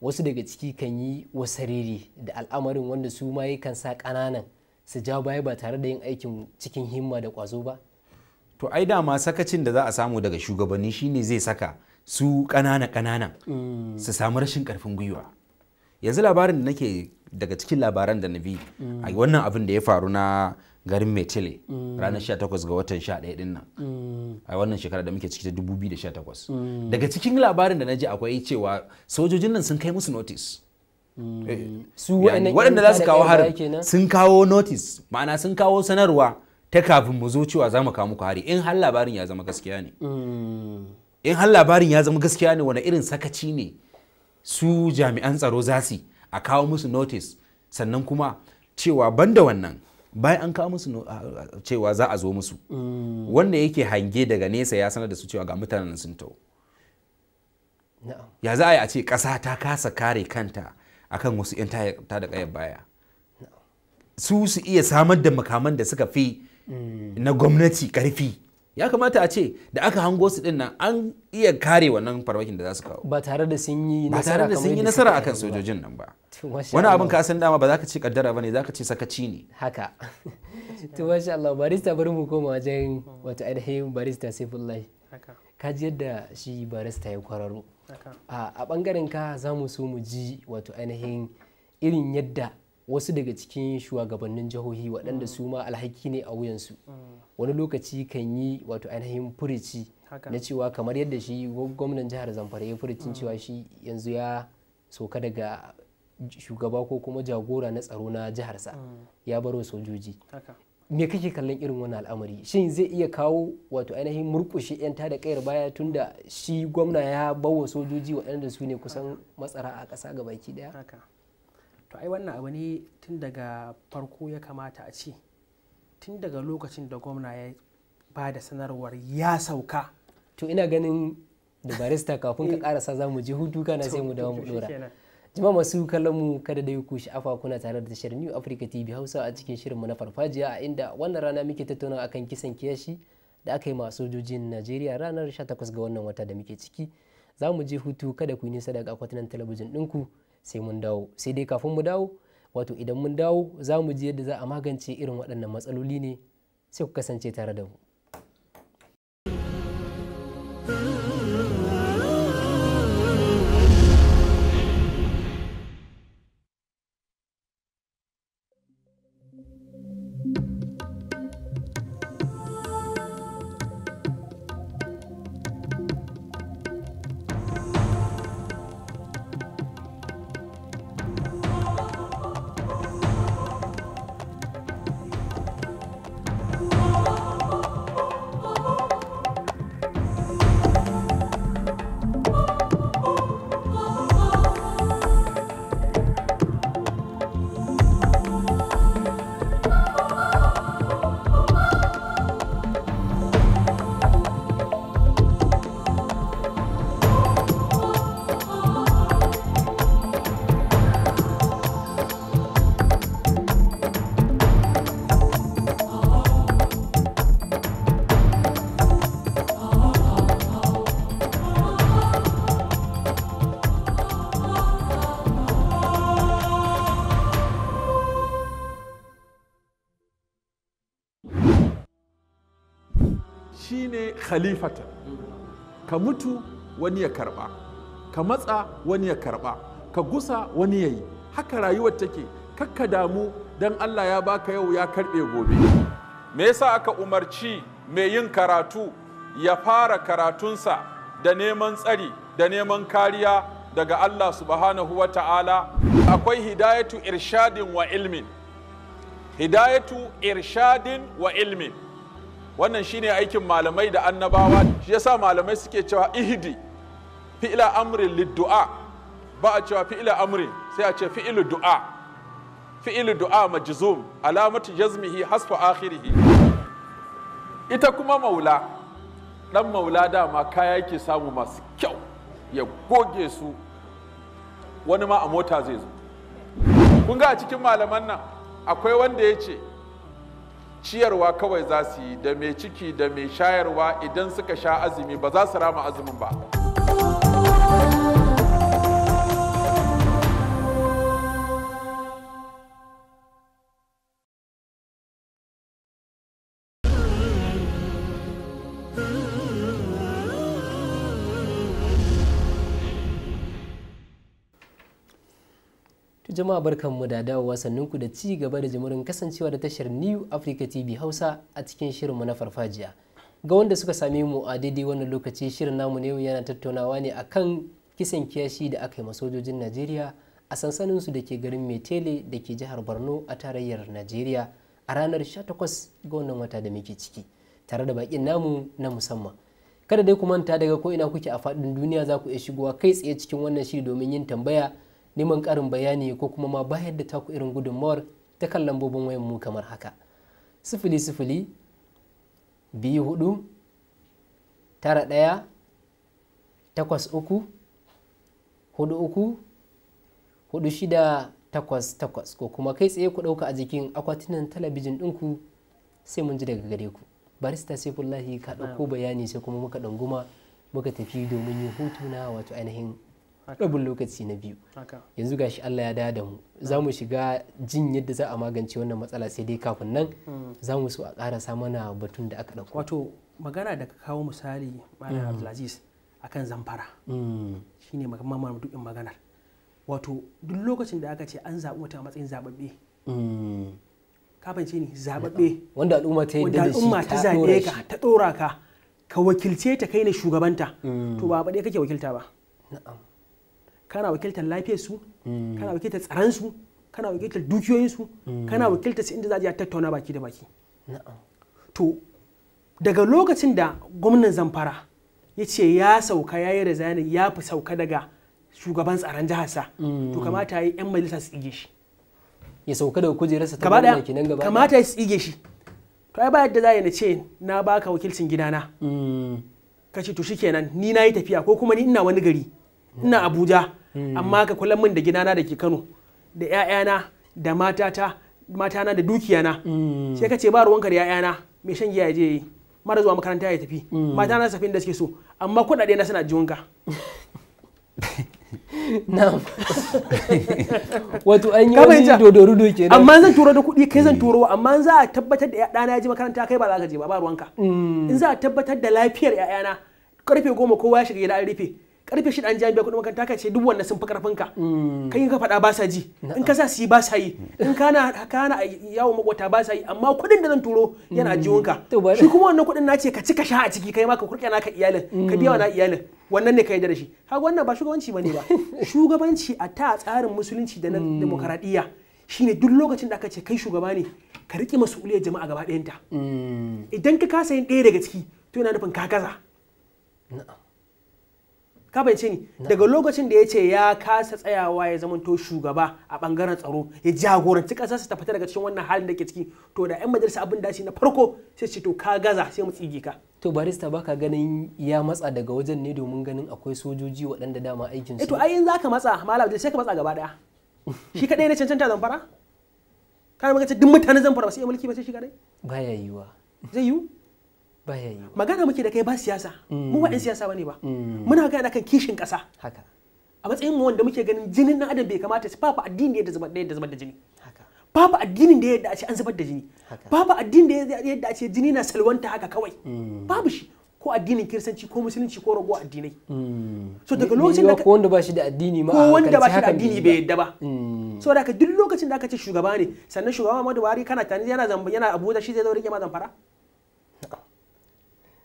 wasu daga ciki kan yi wasarere da al'amarin wanda su ma kan sa kananan su ja baya ba tare da yin aikin cikin himma da ƙwazo ba to ai dama sakacin da za a samu daga shugabanni shine zai saka su kanana kanana mm. su samu rashin karfin gwiwa yanzu labarin da nake daga cikin labaran da na bi mm. a wannan abin da ya faru na garin metele mm. ranar 18 ga watan 11 din nan mm. a wannan shekara da muke ciki ta 2018 mm. daga cikin labarin da na ji akwai cewa sojojin nan sun kai musu notice eh, waɗanda za su kawo harin sun kawo notice ma'ana sun kawo sanarwa ta kafin mu zo cewa za mu kawo muku hari in har labarin ya zama gaskiya ne in har labarin ya zama gaskiya ne wani irin sakaci ne su jami'an tsaro za su a kawo musu notice sannan kuma cewa banda wannan bayan an kawo musu cewa za a zo musu wanda yake hange daga nesa ya sanar da su cewa ga mutanen sun tau ya za a yi a ce ƙasa ta kasa kare kanta akan wasu 'yan ta da ƙayar baya su su iya samar da makaman da suka fi mm. na gwamnati ƙarfi ya kamata a ce da aka hango su din nan an iya kare wannan farmakin da za su kawo ba tare da sun yi nasara ba tare da sun yi nasara akan sojojin nan ba wani abin ka san dama ba za ka ce kaddara bane za ka ce sakaci ne haka to masha Allah barista bari mu koma wajen wato ainihin barista Saifullahi ka ji yadda shi barista ya kwararo a bangaren ka za mu so mu ji wato ainihin irin yadda wasu daga cikin shugabannin jihohi waɗanda mm. su ma alhaki ne a wuyansu mm. wani lokaci kan yi wato ainihin furici na cewa kamar yadda shi gwamnan jihar zamfara ya furicin mm. cewa shi yanzu ya soka daga shugaba ko kuma jagora na tsaro na jiharsa mm. ya baro sojoji me kake kallon irin wani al'amari shin zai iya kawo wato ainihin murkushe 'yan tada kayar baya tunda shi gwamna ya bawa sojoji waɗanda su ne kusan matsara a ƙasa ga baki daya to ai wannan abu ne tun daga farko ya kamata a ce tun daga lokacin da gwamna ya ba da sanarwar ya sauka to ina ganin da barista kafin ka karasa eh. za mu je hutu kana sai mu dawo mu dora jima masu kallon mu kada dai ku afa kuna tare da tashar new africa tv hausa a cikin shirin mu na farfajiya a inda wannan rana muke tattauna akan kisan kiyashi da aka yi masu sojojin najeriya ranar 18 ga wannan wata da muke ciki za mu je hutu kada ku yi nisa daga akwatunan talabijin ɗinku sai mun dawo sai dai kafin mu dawo wato idan mun dawo za mu ji yadda za a magance irin waɗannan matsaloli ne sai ku kasance tare da mu khalifata ka mutu wani ya karba ka matsa wani ya karba ka gusa wani ya yi haka rayuwar take kakka damu don allah ya baka yau ya karbe gobe me yasa aka umarci mai yin karatu ya fara karatunsa da neman tsari da neman kariya daga allah subhanahu wa ta'ala akwai hidayatu irshadin wa ilmin hidayatu irshadin wa ilmin wannan shine aikin malamai da annabawa shi yasa malamai suke cewa ihdi fi'la amrin liddu'a ba a cewa fi'la amrin sai a ce fi'lu du'a fi'lu du'a majzum alamatu jazmihi hasfa akhirih ita kuma maula dan maula dama kaya yake samu masu kyau ya goge su wani ma a mota zai zo kun ga a cikin malaman nan akwai wanda ya ce ciyarwa kawai za su yi da mai ciki da mai shayarwa idan suka sha azumi ba za su rama azumin ba Jama'a mu da dawowa ku da ci gaba da jimurin kasancewa da tashar New Africa TV Hausa a cikin shirin mu na farfajiya. Ga wanda suka same mu a daidai wannan lokaci shirin namu ne yana tattaunawa ne akan kisan kiyashi da aka yi masojojin Najeriya a sansanin su da ke garin Metele da ke jihar Borno a tarayyar Najeriya a ranar 18 ga wannan wata da muke ciki tare da bakin namu na musamman. kada dai ku manta daga ko ina kuke a faɗin duniya za ku iya shigowa kai tsaye cikin wannan shiri domin yin tambaya neman karin bayani ko kuma ma bayar da taku irin gudunmawar ta kan lambobin wayan mu kamar haka sifili sifili biyu hudu tara ɗaya takwas uku hudu uku hudu shida takwas takwas ko kuma kai tsaye ku ɗauka a jikin akwatinan talabijin ɗinku sai mun ji daga gare ku barista sai fulahi ka ɗauko bayani sai kuma muka danguma muka tafi domin yin hutu na wato ainihin rabin lokaci na biyu yanzu gashi Allah ya da da mu za mu shiga jin yadda za a magance wannan matsala sai dai kafin nan hmm. za mu so a karasa mana batun da aka ɗauka wato magana da ka kawo misali malam hmm. Abdulaziz kan zamfara Shi hmm. shine mamman dukin maganar wato duk lokacin da aka ce an zaɓi mutum a matsayin zaɓaɓɓe ce ni zaɓaɓɓe wanda al'umma ta yi da al'umma ta zaɓe ka ta ɗora ka ka wakilce ta kai ne shugabanta to ba ɗaya kake wakilta ba kana wakiltar lafiyarsu kana wakiltar tsaransu kana wakiltar dukiyoyinsu kana wakiltar su inda za a tattauna baki da baki to daga lokacin da gwamnan zamfara ya ce ya sauka ya yi rezani ya fi sauka daga shugaban tsaron jiharsa to mm. kamata ya yi 'yan majalisa su tsige shi ya sauka daga kujerarsa ta bada kenan gaba kamata ya tsige shi to ai ba yadda za na ce na baka wakilcin gidana mm. ka ce to shikenan ni na yi tafiya ko kuma ni ina wani gari ina abuja amma ka kula min da gidana da ke kano da 'ya'yana da matata matana da dukiyana mm. sai ka ce ba ruwanka da 'ya'yana mai shan giya je yi mara zuwa makaranta ya tafi mm. mata na safin da suke so amma kuɗaɗe na suna jiwonka na'am wato an yi wani dodoru doke amma zan turo da kuɗi kai zan mm. turo amma za a tabbatar da ɗana ya ji makaranta kai ba za ka je ba ba ruwanka in za a tabbatar da lafiyar 'ya'yana karfe goma kowa ya shiga gida an rufe karfe shida an jami'a kudin makaranta ka ce duk wannan sun fi karfin ka mm. kai ka faɗa ba sa ji in ka sa su yi ba sa yi in kana kana yawo makwata ba sa yi amma kuɗin da zan turo yana mm. ka shi kuma wannan kuɗin na ce ka cika sha a ciki kai ma ka kurke naka iyalin ka biya na mm. iyalin wannan ne ka yi da shi kaga wannan ba shugabanci bane ba shugabanci a ta tsarin musulunci da na demokaradiyya shine duk lokacin da aka ce kai shugaba ne ka riƙe mas'uliyar jama'a gaba ɗayanta idan ka kasa yin ɗaya daga ciki to yana nufin ka gaza ka bayyance ni daga lokacin da ya ce ya kasa tsayawa ya to shugaba a bangaren tsaro ya jagoranci kasa su tafata daga cikin wannan halin da ke ciki to da yan majalisa abin da na farko sai ce to ka gaza sai mu tsige ka to barista baka ganin ya matsa daga wajen ne domin ganin akwai sojoji waɗanda dama aikin su eh to ai in zaka matsa malam sai ka matsa gaba daya shi kadai ne cancanta zamfara kana magance duk mutanen zamfara ba sai mulki ba sai shi kadai baya yiwa zai yiwu magana muke da kai ba siyasa mu ba mm. siyasa bane ba mm. muna gana kan kishin haka a matsayin mu wanda muke ganin jinin na adam bai kamata su fafa addini da zubar da zubar da jini babu addinin da yadda a ce an zubar da jini babu addinin da yadda a ce jini na salwanta haka kawai mm. babu shi ko addinin kirsanci ko musulunci ko rago addinai so daga lokacin da ko wanda ba shi da addini ma ko wanda ba shi da addini bai yadda ba so da duk lokacin da aka ce shugaba ne sannan shugaba ma da wari kana tani yana zamba yana abuja shi zai zo rike ma zamfara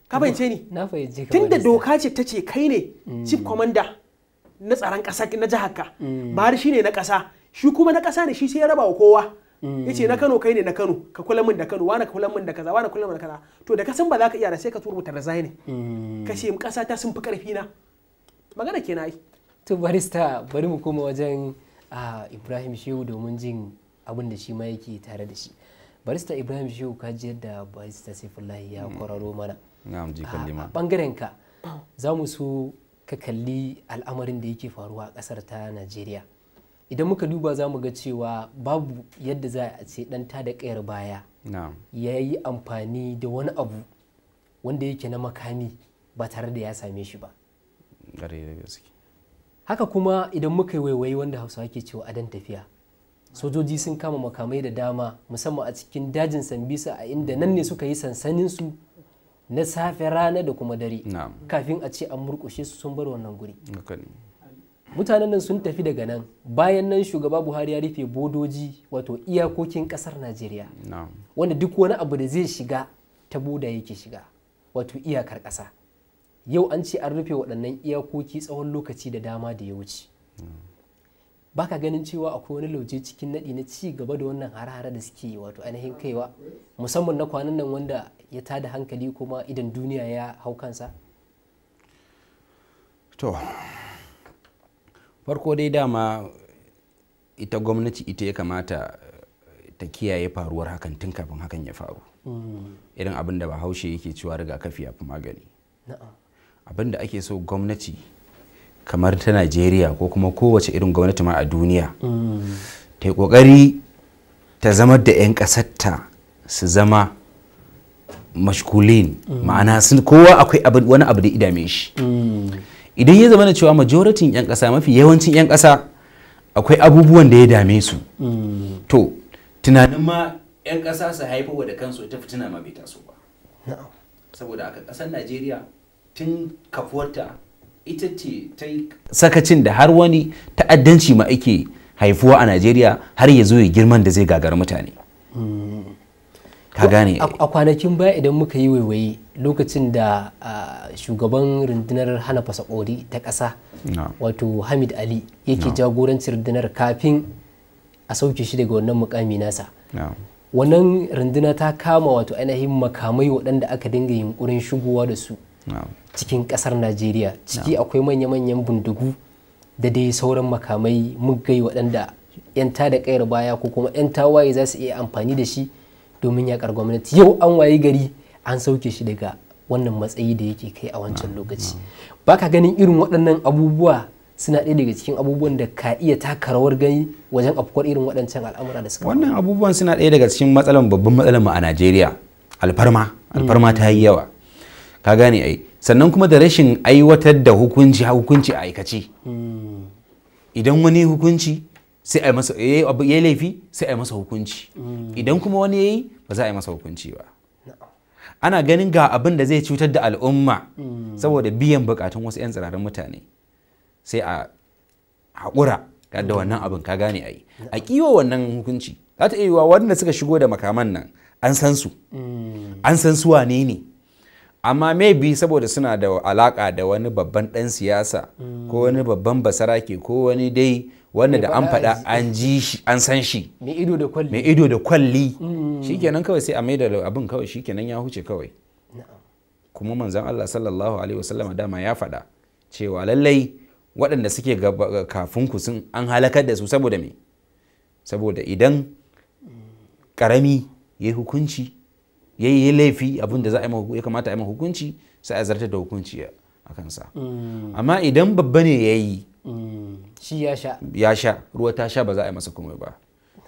ka fahimce ni na fahimce ka tunda doka ce ta ce kai ne mm. chief commander na tsaron ƙasa na jihar ka mm. bahar shi ne na ƙasa shi kuma na ƙasa ne shi sai ya raba wa kowa mm. ya ce na kano kai ne na kano ka kula min da kano wani ka kula min da kaza wani kula min da kaza to da kasan ba za ka iya da sai ka turbuta da zai ne ka ce ƙasa ta sun fi ƙarfi na magana kenan ai to barista bari mu koma wajen ah, ibrahim shehu domin jin abin da shi ma yake tare da shi barista ibrahim shehu ka ji yadda barista saifullahi ya kwararo mana a bangaren za mu so ka kalli al'amarin da yake faruwa a ƙasar ta najeriya idan muka duba za mu ga cewa babu yadda za a ce ɗan ta da kayar baya ya yi amfani da wani abu wanda yake na makami ba tare da ya same shi ba haka kuma idan muka yi waiwayi wanda hausawa ke cewa adan tafiya sojoji sun kama makamai da dama musamman a cikin dajin sambisa a inda nan ne suka yi sansaninsu na safe rana da kuma dare kafin a ce an murkushe su sun bar wannan guri mutanen nan sun tafi daga nan bayan nan shugaba buhari ya rufe bodoji wato iyakokin kasar najeriya wanda duk wani abu da zai shiga ta boda yake shiga wato iyakar ƙasa yau an ce an rufe waɗannan iyakoki tsawon lokaci da dama da ya wuce baka ganin cewa akwai wani lauje cikin naɗi na ci gaba da wannan har hara da suke wato ainihin kaiwa musamman na kwanan nan wanda ya tada hankali kuma idan duniya ya hau kansa to farko dai dama ita gwamnati ita ya kamata ta kiyaye faruwar hakan tun kafin hakan ya faru mm. irin abin da bahaushe yake cewa rigakafi ya fi magani abin da ake so gwamnati kamar ta najeriya ko kuma kowace irin gwamnati ma a duniya mm. ta yi kokari ta zama da 'yan ƙasarta su zama mashkulin ma'ana sun kowa akwai wani abu da idame shi idan ya zama cewa majoratin 'yan ƙasa mafi yawancin 'yan ƙasa akwai abubuwan da ya dame su to tunanin ma 'yan ƙasa su haifa da kansu ta fitina ma bai taso ba saboda aka ƙasar najeriya tun kafuwarta ita ce ta yi sakacin da har wani ta'addanci ma ake haifuwa a najeriya har ya zo ya girman da zai gagara mutane mm. ka gane a kwanakin baya idan muka yi waiwaye lokacin da shugaban rundunar hana fasakori ta ƙasa wato hamid ali yake jagorancin rundunar kafin a sauke shi daga wannan mukami nasa wannan runduna ta kama wato ainihin makamai waɗanda aka dinga yunkurin shigowa da su cikin ƙasar najeriya ciki akwai manya-manyan bindigu da dai sauran makamai muggai waɗanda 'yan da kayar baya ko kuma 'yan tawaye za su iya amfani da shi domin yakar gwamnati yau an waye gari an sauke shi daga wannan matsayi da yake kai a wancan lokaci ba ka ganin irin waɗannan abubuwa suna ɗaya daga cikin abubuwan da ka iya taka rawar gani wajen afkuwar irin waɗancan al'amura da suka wannan abubuwan suna ɗaya daga cikin matsalan babban matsalan mu a Najeriya alfarma alfarma ta yi yawa ka gane ai sannan kuma da rashin aiwatar da hukunci hukunci a aikace hmm. idan wani hukunci sai a masa eh, ya laifi sai a masa hukunci idan kuma wani ya yi ba za a masa hukunci ba ana ganin ga abin da zai cutar da al'umma saboda biyan bukatun wasu 'yan tsirarin mutane sai a haƙura da wannan abin ka gane a a kiwo wannan hukunci za ta iya wanda suka shigo da makaman nan an san su an san su wane ne amma maybe saboda suna da alaka da wani babban ɗan siyasa ko wani babban basarake ko wani dai wanda da an faɗa an ji shi an san shi mai ido da kwalli shi ido da kwalli mm. shikenan kawai sai a maida abin kawai shikenan ya huce kawai kuma manzan Allah sallallahu alaihi wasallama dama ya faɗa cewa lallai waɗanda suke kafin ku sun an halakar da su saboda me saboda idan karami ya yi hukunci ya yi laifi abin da za ya kamata a yi hukunci sai a zartar da hukunci a kansa mm. amma idan babba ne ya yi shi ya sha ya sha ruwa ta sha ba za a yi masa komai ba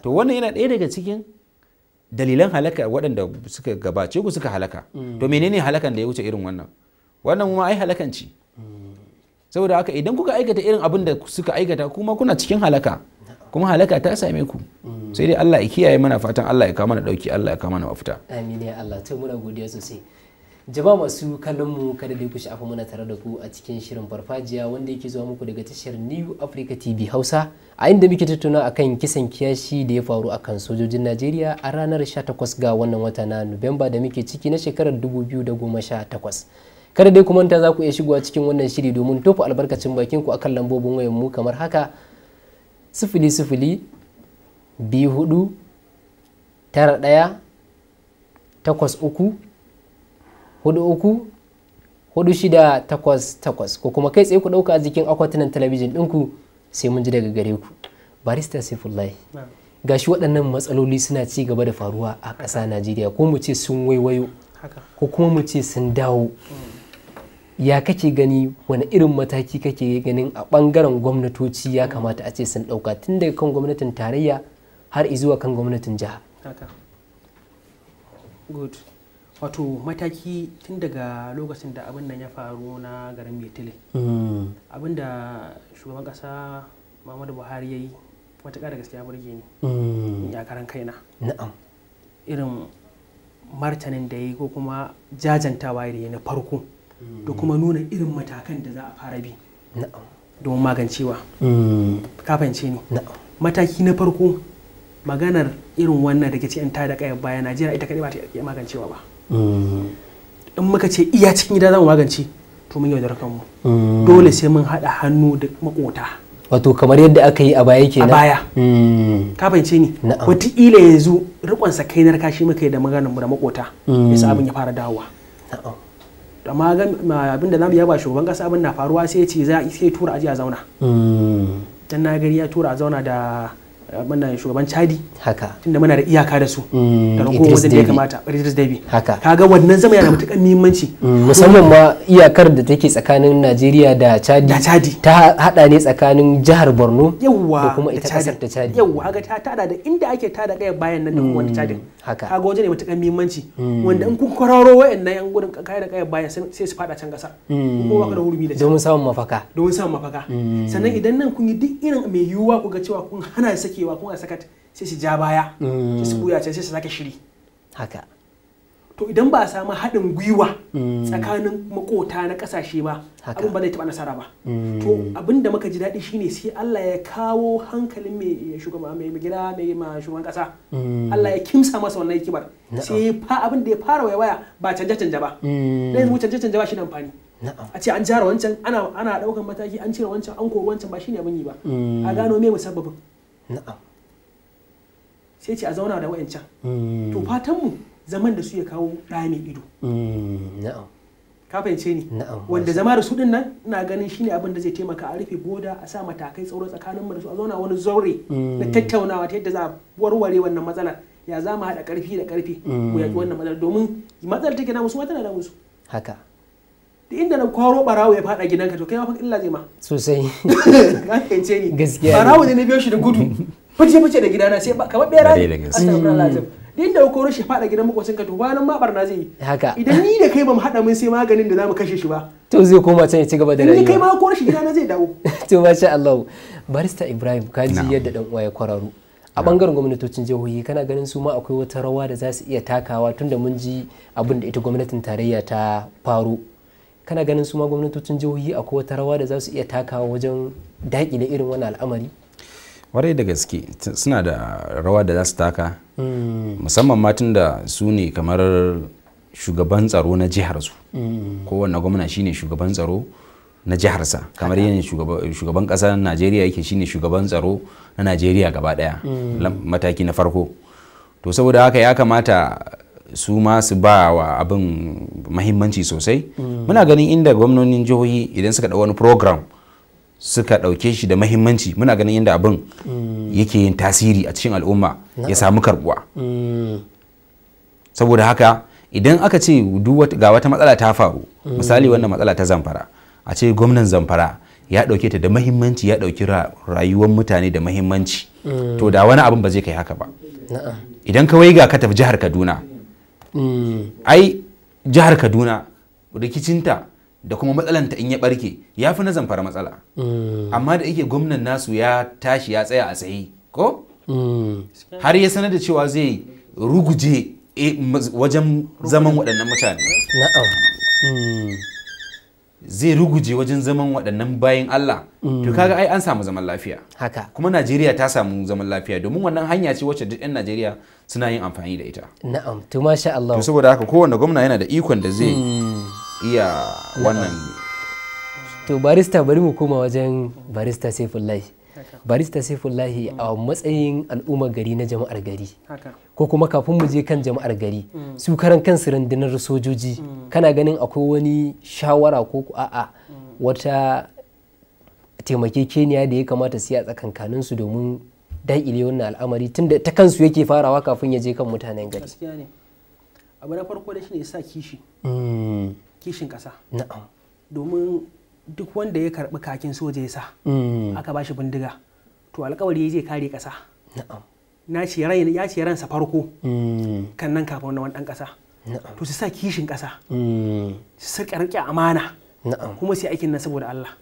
to wannan yana ɗaya daga cikin dalilan halaka waɗanda suka gabace ku suka halaka to menene halakan da ya wuce irin wannan wannan ma ai halakan ce saboda haka idan kuka aikata irin abin da suka aikata kuma kuna cikin halaka kuma halaka ta same ku sai dai Allah ya kiyaye mana fatan Allah ya kawo mana dauki Allah ya kawo mana mafita amin ya Allah to muna godiya sosai jama'a masu kallon mu kada dai ku sha'afa muna tare da ku a cikin shirin farfajiya wanda yake zuwa muku daga tashar New Africa TV Hausa a inda muke tattauna akan kisan kiyashi da ya faru akan sojojin Najeriya a ranar 18 ga wannan wata na Nuwamba da muke ciki na shekarar 2018 kada dai ku manta za ku iya shigowa cikin wannan shiri domin tofa albarkacin bakin ku akan lambobin wayan mu kamar haka sifili sifili biyu tara ɗaya takwas uku hudu uku hudu shida takwas takwas ko kuma kai tsaye ku ɗauka a jikin akwatunan talabijin ɗinku sai mun ji daga gare ku barista saifullahi gashi waɗannan matsaloli suna ci gaba da faruwa a ƙasa najeriya ko mu ce sun waiwayo ko kuma mu ce sun dawo mm. ya kake gani wani irin mataki kake ganin a ɓangaren gwamnatoci ya kamata a ce sun ɗauka tun daga kan gwamnatin tarayya har izuwa kan gwamnatin jiha wato mataki tun daga lokacin da abin nan ya faru na garin metile hmm. abin da shugaban kasa muhammadu buhari ya yi matuƙa da gaskiya burge ni hmm. ya karan kaina irin martanin da ya yi ko kuma jajantawa da ya na farko hmm. da kuma nuna irin matakan da za a fara bi domin magancewa kafance ni mataki na farko maganar irin wannan da ke ci 'yan ta da kayan baya najeriya ita kaɗai ba ta iya magancewa ba in muka ce iya cikin gida zamu magance to mun yaudara kanmu mm. dole sai mun haɗa hannu da makota wato kamar yadda aka yi a baya kenan a baya mm. ka fahimce ni wataƙila yanzu rikon sa kai kashi muka yi da maganar mu da makota yasa mm. abin ya fara dawowa amma abin da zamu yaba shugaban kasa abin na faruwa sai ya ce za a tura aji a zauna dan na gari ya tura a zauna da abin shugaban chadi haka tunda muna da iyaka da su mm, da ragowar wanda ya kamata idris debi haka kaga wannan zama yana da muhimmanci mm, musamman ma iyakar da take tsakanin najeriya da chadi da chadi ta hada ne tsakanin jihar borno da kuma ita kasar ta chadi yawa kaga ta tada da inda ake tada kai bayan nan da kuma wanda mm, chadi haka kaga wajen ne matukar muhimmanci wanda in kun kwararo wayannan yan gudun kai da kai bayan sai su fada can gasa. kuma ba da hurumi da domin samun mafaka domin samun mafaka sannan idan nan kun yi duk irin mai yiwuwa ku ga cewa kun hana saki sakewa kuma sakat sai su ja baya sai su buya mm. sai su sake shiri haka to idan ba a samu haɗin gwiwa mm. tsakanin makota na ƙasashe ba abin ba zai taɓa nasara ba to mm. abin da muka ji daɗi shine sai Allah ya kawo hankalin mai shugaban mai gida mai ma shugaban ƙasa Allah ya kimsa masa wannan hikimar sai fa abin da ya fara waya ba canja canja ba dan mu canja canja ba shi da amfani a ce an jara wancan ana ana ɗaukan mataki an cire wancan an kori wancan ba shine abin yi ba a gano me musabbabin na'am sai ce a zauna da wayancan hmm. to fatan zaman da su ya kawo ɗaya mai ido hmm, na'am ka fahimce ni wanda zama da su din nan ina ganin shine abin da zai taimaka a rufe boda a sa matakai tsaro tsakanin mu da su a zauna wani zaure na hmm. tattaunawa ta yadda za a warware wannan matsalar ya za mu haɗa ƙarfi da ƙarfi mu yaƙi wannan matsalar domin matsalar take na musu ma tana musu haka da inda na kwaro barawo ya fada gidanka to kai ma fa illa zai ma sosai ka kance ni gaskiya barawo ne na biyo shi da gudu fice fice da gidana sai kamar bera ne astagfirullahalazim da inda kwaro shi fada gidan makwacin ka to bayan ma barna zai yi haka idan ni da kai bamu hada mun sai maganin da zamu kashe shi ba to zai koma can ya ci gaba da rayuwa ni kai ma kwaro shi gidana zai dawo to masha Allah barista Ibrahim ka ji yadda dan uwa ya kwararo a bangaren gwamnatocin jihohi kana ganin su ma akwai wata rawa da za su iya takawa tunda mun ji abin da ita gwamnatin tarayya ta faru kana ganin su ma gwamnatocin jihohi akwai wata rawa da za su iya takawa wajen daƙile irin wani al'amari warai da gaske suna da rawa da za su taka musamman matan da su ne kamar shugaban tsaro na jihar su mm. kowanne gwamna shine shugaban tsaro na jiharsa kamar yin shugaban na najeriya yake shine shugaban tsaro na najeriya gaba daya mm. mataki na farko to saboda haka ya kamata su ma su ba wa abin mahimmanci sosai muna ganin inda gwamnonin jihohi idan suka da wani program suka ɗauke shi da mahimmanci muna ganin inda abin yake yin tasiri a cikin al'umma ya samu karbuwa saboda haka idan aka ce ga wata matsala ta faru misali wannan matsala ta zamfara a ce gwamnan zamfara ya ɗauke ta da mahimmanci ya ɗauki rayuwar mutane da mahimmanci to da wani abin ba zai kai haka ba idan kawai ga ka tafi jihar kaduna ai jihar kaduna rikicinta da kuma matsalanta in ya barke ya fi na zamfara matsala amma da yake gwamnan nasu ya tashi ya tsaya a tsaye ko har ya sanar da cewa zai ruguje eh, wajen zaman waɗannan mutane mm. zai ruguje wajen zaman waɗannan bayan Allah to mm. kaga ai an samu zaman lafiya haka kuma Najeriya ta samu zaman lafiya domin wannan hanya ce wacce duk ɗan Najeriya suna yin amfani da ita na'am to masha Allah to saboda haka kowanne gwamna yana da ikon da zai mm. iya wannan to barista bari mu koma wajen barista Saifullahi barista sifullahi a matsayin al'umma gari na jama'ar gari ko kuma kafin mu je kan jama'ar gari mm. su karan kansu rundunar sojoji mm. kana ganin akwai wani shawara ko a'a mm. wata keniya da ya kamata su yatsa a tsakankanin su domin daƙile wannan al'amari tunda ta kansu yake farawa kafin ya je kan mutanen gari abu na farko da shi ne sa kishi kishin ƙasa domin duk wanda ya karbi kakin soja ya sa mm. aka bashi bindiga to alkawari zai kare kasa na ya ce sa farko mm. kan nan kafin wani dan kasa to su sa kishin kasa mm. su rike amana kuma su aikin na saboda Allah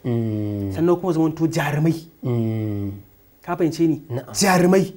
sannan kuma zaman to jarumai ka fahimce ni jarumai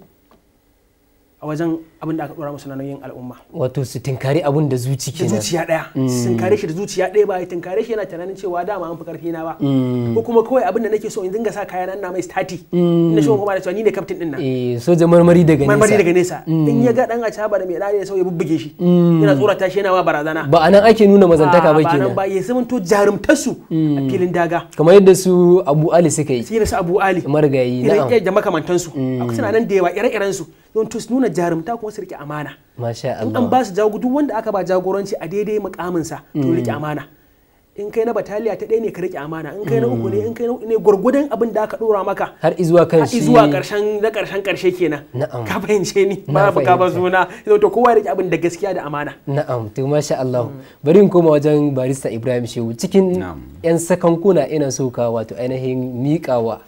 a wajen abin da aka dora musu nauyin al'umma wato su tinkari abin da zuci ke da zuciya daya mm. sun kare shi da zuciya daya ba ya tinkare shi yana tunanin cewa dama an fi karfi na ba mm. ko kuma kawai abin da nake so in dinga sa kaya na mai stati mm. ina shi kuma da cewa ni ne kaftin din nan eh soja marmari daga nesa marmari daga nesa in ya ga dan a caba da mai dare ya sauya bubbuge shi yana tsorata shi yana ba barazana ba anan ake nuna mazantaka ba kenan ba ya zama to jarumtar su a filin daga kamar yadda su Abu Ali suka yi sai su Abu Ali marigayi na'am da makamantan su akwai nan da yawa ire-iren su don to nuna jarumta kuma su rike amana masha Allah an ba su jago duk wanda aka ba jagoranci a daidai mukamin sa to mm. rike amana in kai na bataliya ta ɗaya ne ka rike amana in kai na uku ne mm. in kai na uku ne gwargwadon abin da aka ɗora maka har izuwa kan shi izuwa ƙarshen na karshen karshe kenan na'am ka fahimce ni ba ka ba zuna to kowa ya rike abin da gaskiya da amana na'am to masha Allah mm. bari in koma wajen barista Ibrahim Shehu cikin yan na ina so ka wato ainihin miƙawa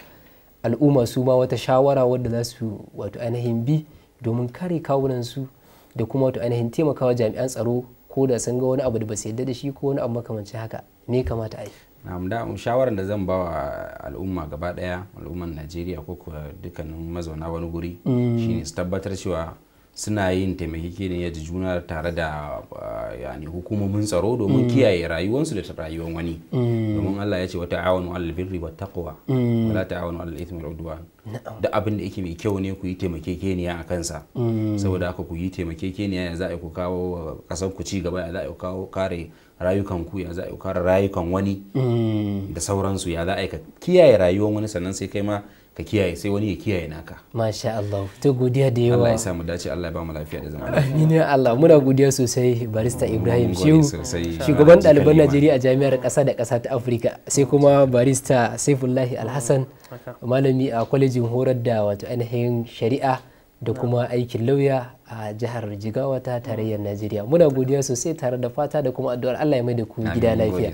al'umma su ma wata shawara wadda za su wato ainihin bi domin kare kawunansu da kuma wato ainihin taimakawa jami'an tsaro ko da sun ga wani abu da ba su yadda da shi ko wani abu makamancin haka ne kamata a yi da shawarar da zan ba wa al'umma gaba daya al'umman najeriya ko kuwa dukkanin mazauna wani guri mm. shine su tabbatar cewa suna yin taimakekeniyar da juna tare da eh, yani hukumomin tsaro domin mm. kiyaye rayuwansu da ta rayuwar wani mm. domin Allah ya ce wata awanu alal birri wa taqwa wala ta'awanu alal ithmi wal udwan da abin da yake mai kyau ne ku yi taimakekeniya a kansa mm. saboda haka ku yi taimakekeniya ya za a ku kawo kasar ku ci gaba ya za a kawo kare rayukan ku ya za a kare rayukan wani mm. da sauransu ya za a kiyaye rayuwar wani sannan sai kai ma ka kiyaye sai wani ya kiyaye naka masha Allah to godiya da yawa Allah ya samu dace Allah ya ba mu lafiya da zama lafiya ne Allah muna godiya sosai barista Ibrahim Shehu shugaban ɗaliban Najeriya a jami'ar ƙasa da ƙasa ta Afirka sai kuma barista Saifullahi Alhassan mm, malami a kwalejin horar da wato ainihin shari'a da kuma aikin lauya a jihar jigawa ta tarayyar najeriya muna godiya sosai tare da fata da kuma addu'ar allah ya mai da ku gida lafiya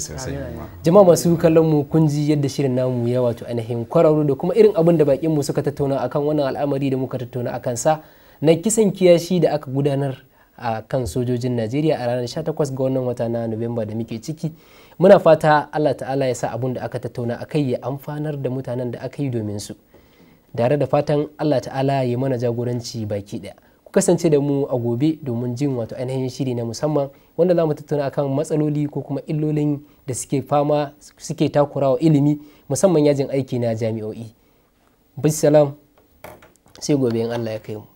jama'a masu kallon mu kun ji yadda shirin namu ya wato ainihin kwararru da kuma irin abin da bakin mu suka tattauna akan wannan al'amari da muka tattauna akan sa na kisan kiyashi da aka gudanar a kan sojojin najeriya a ranar 18 ga wannan wata na nuwamba da muke ciki muna fata allah ta'ala ya sa abun da aka tattauna akai ya amfanar da mutanen da aka yi domin su dare da fatan allah ta'ala ya mana jagoranci baki daya ku kasance da mu a gobe domin jin wato ainihin shiri na musamman wanda za mu tattauna akan matsaloli ko kuma illolin da suke fama suke takurawa ilimi musamman yajin aiki na jami'o'i bisalam sai gobe in allah ya kai mu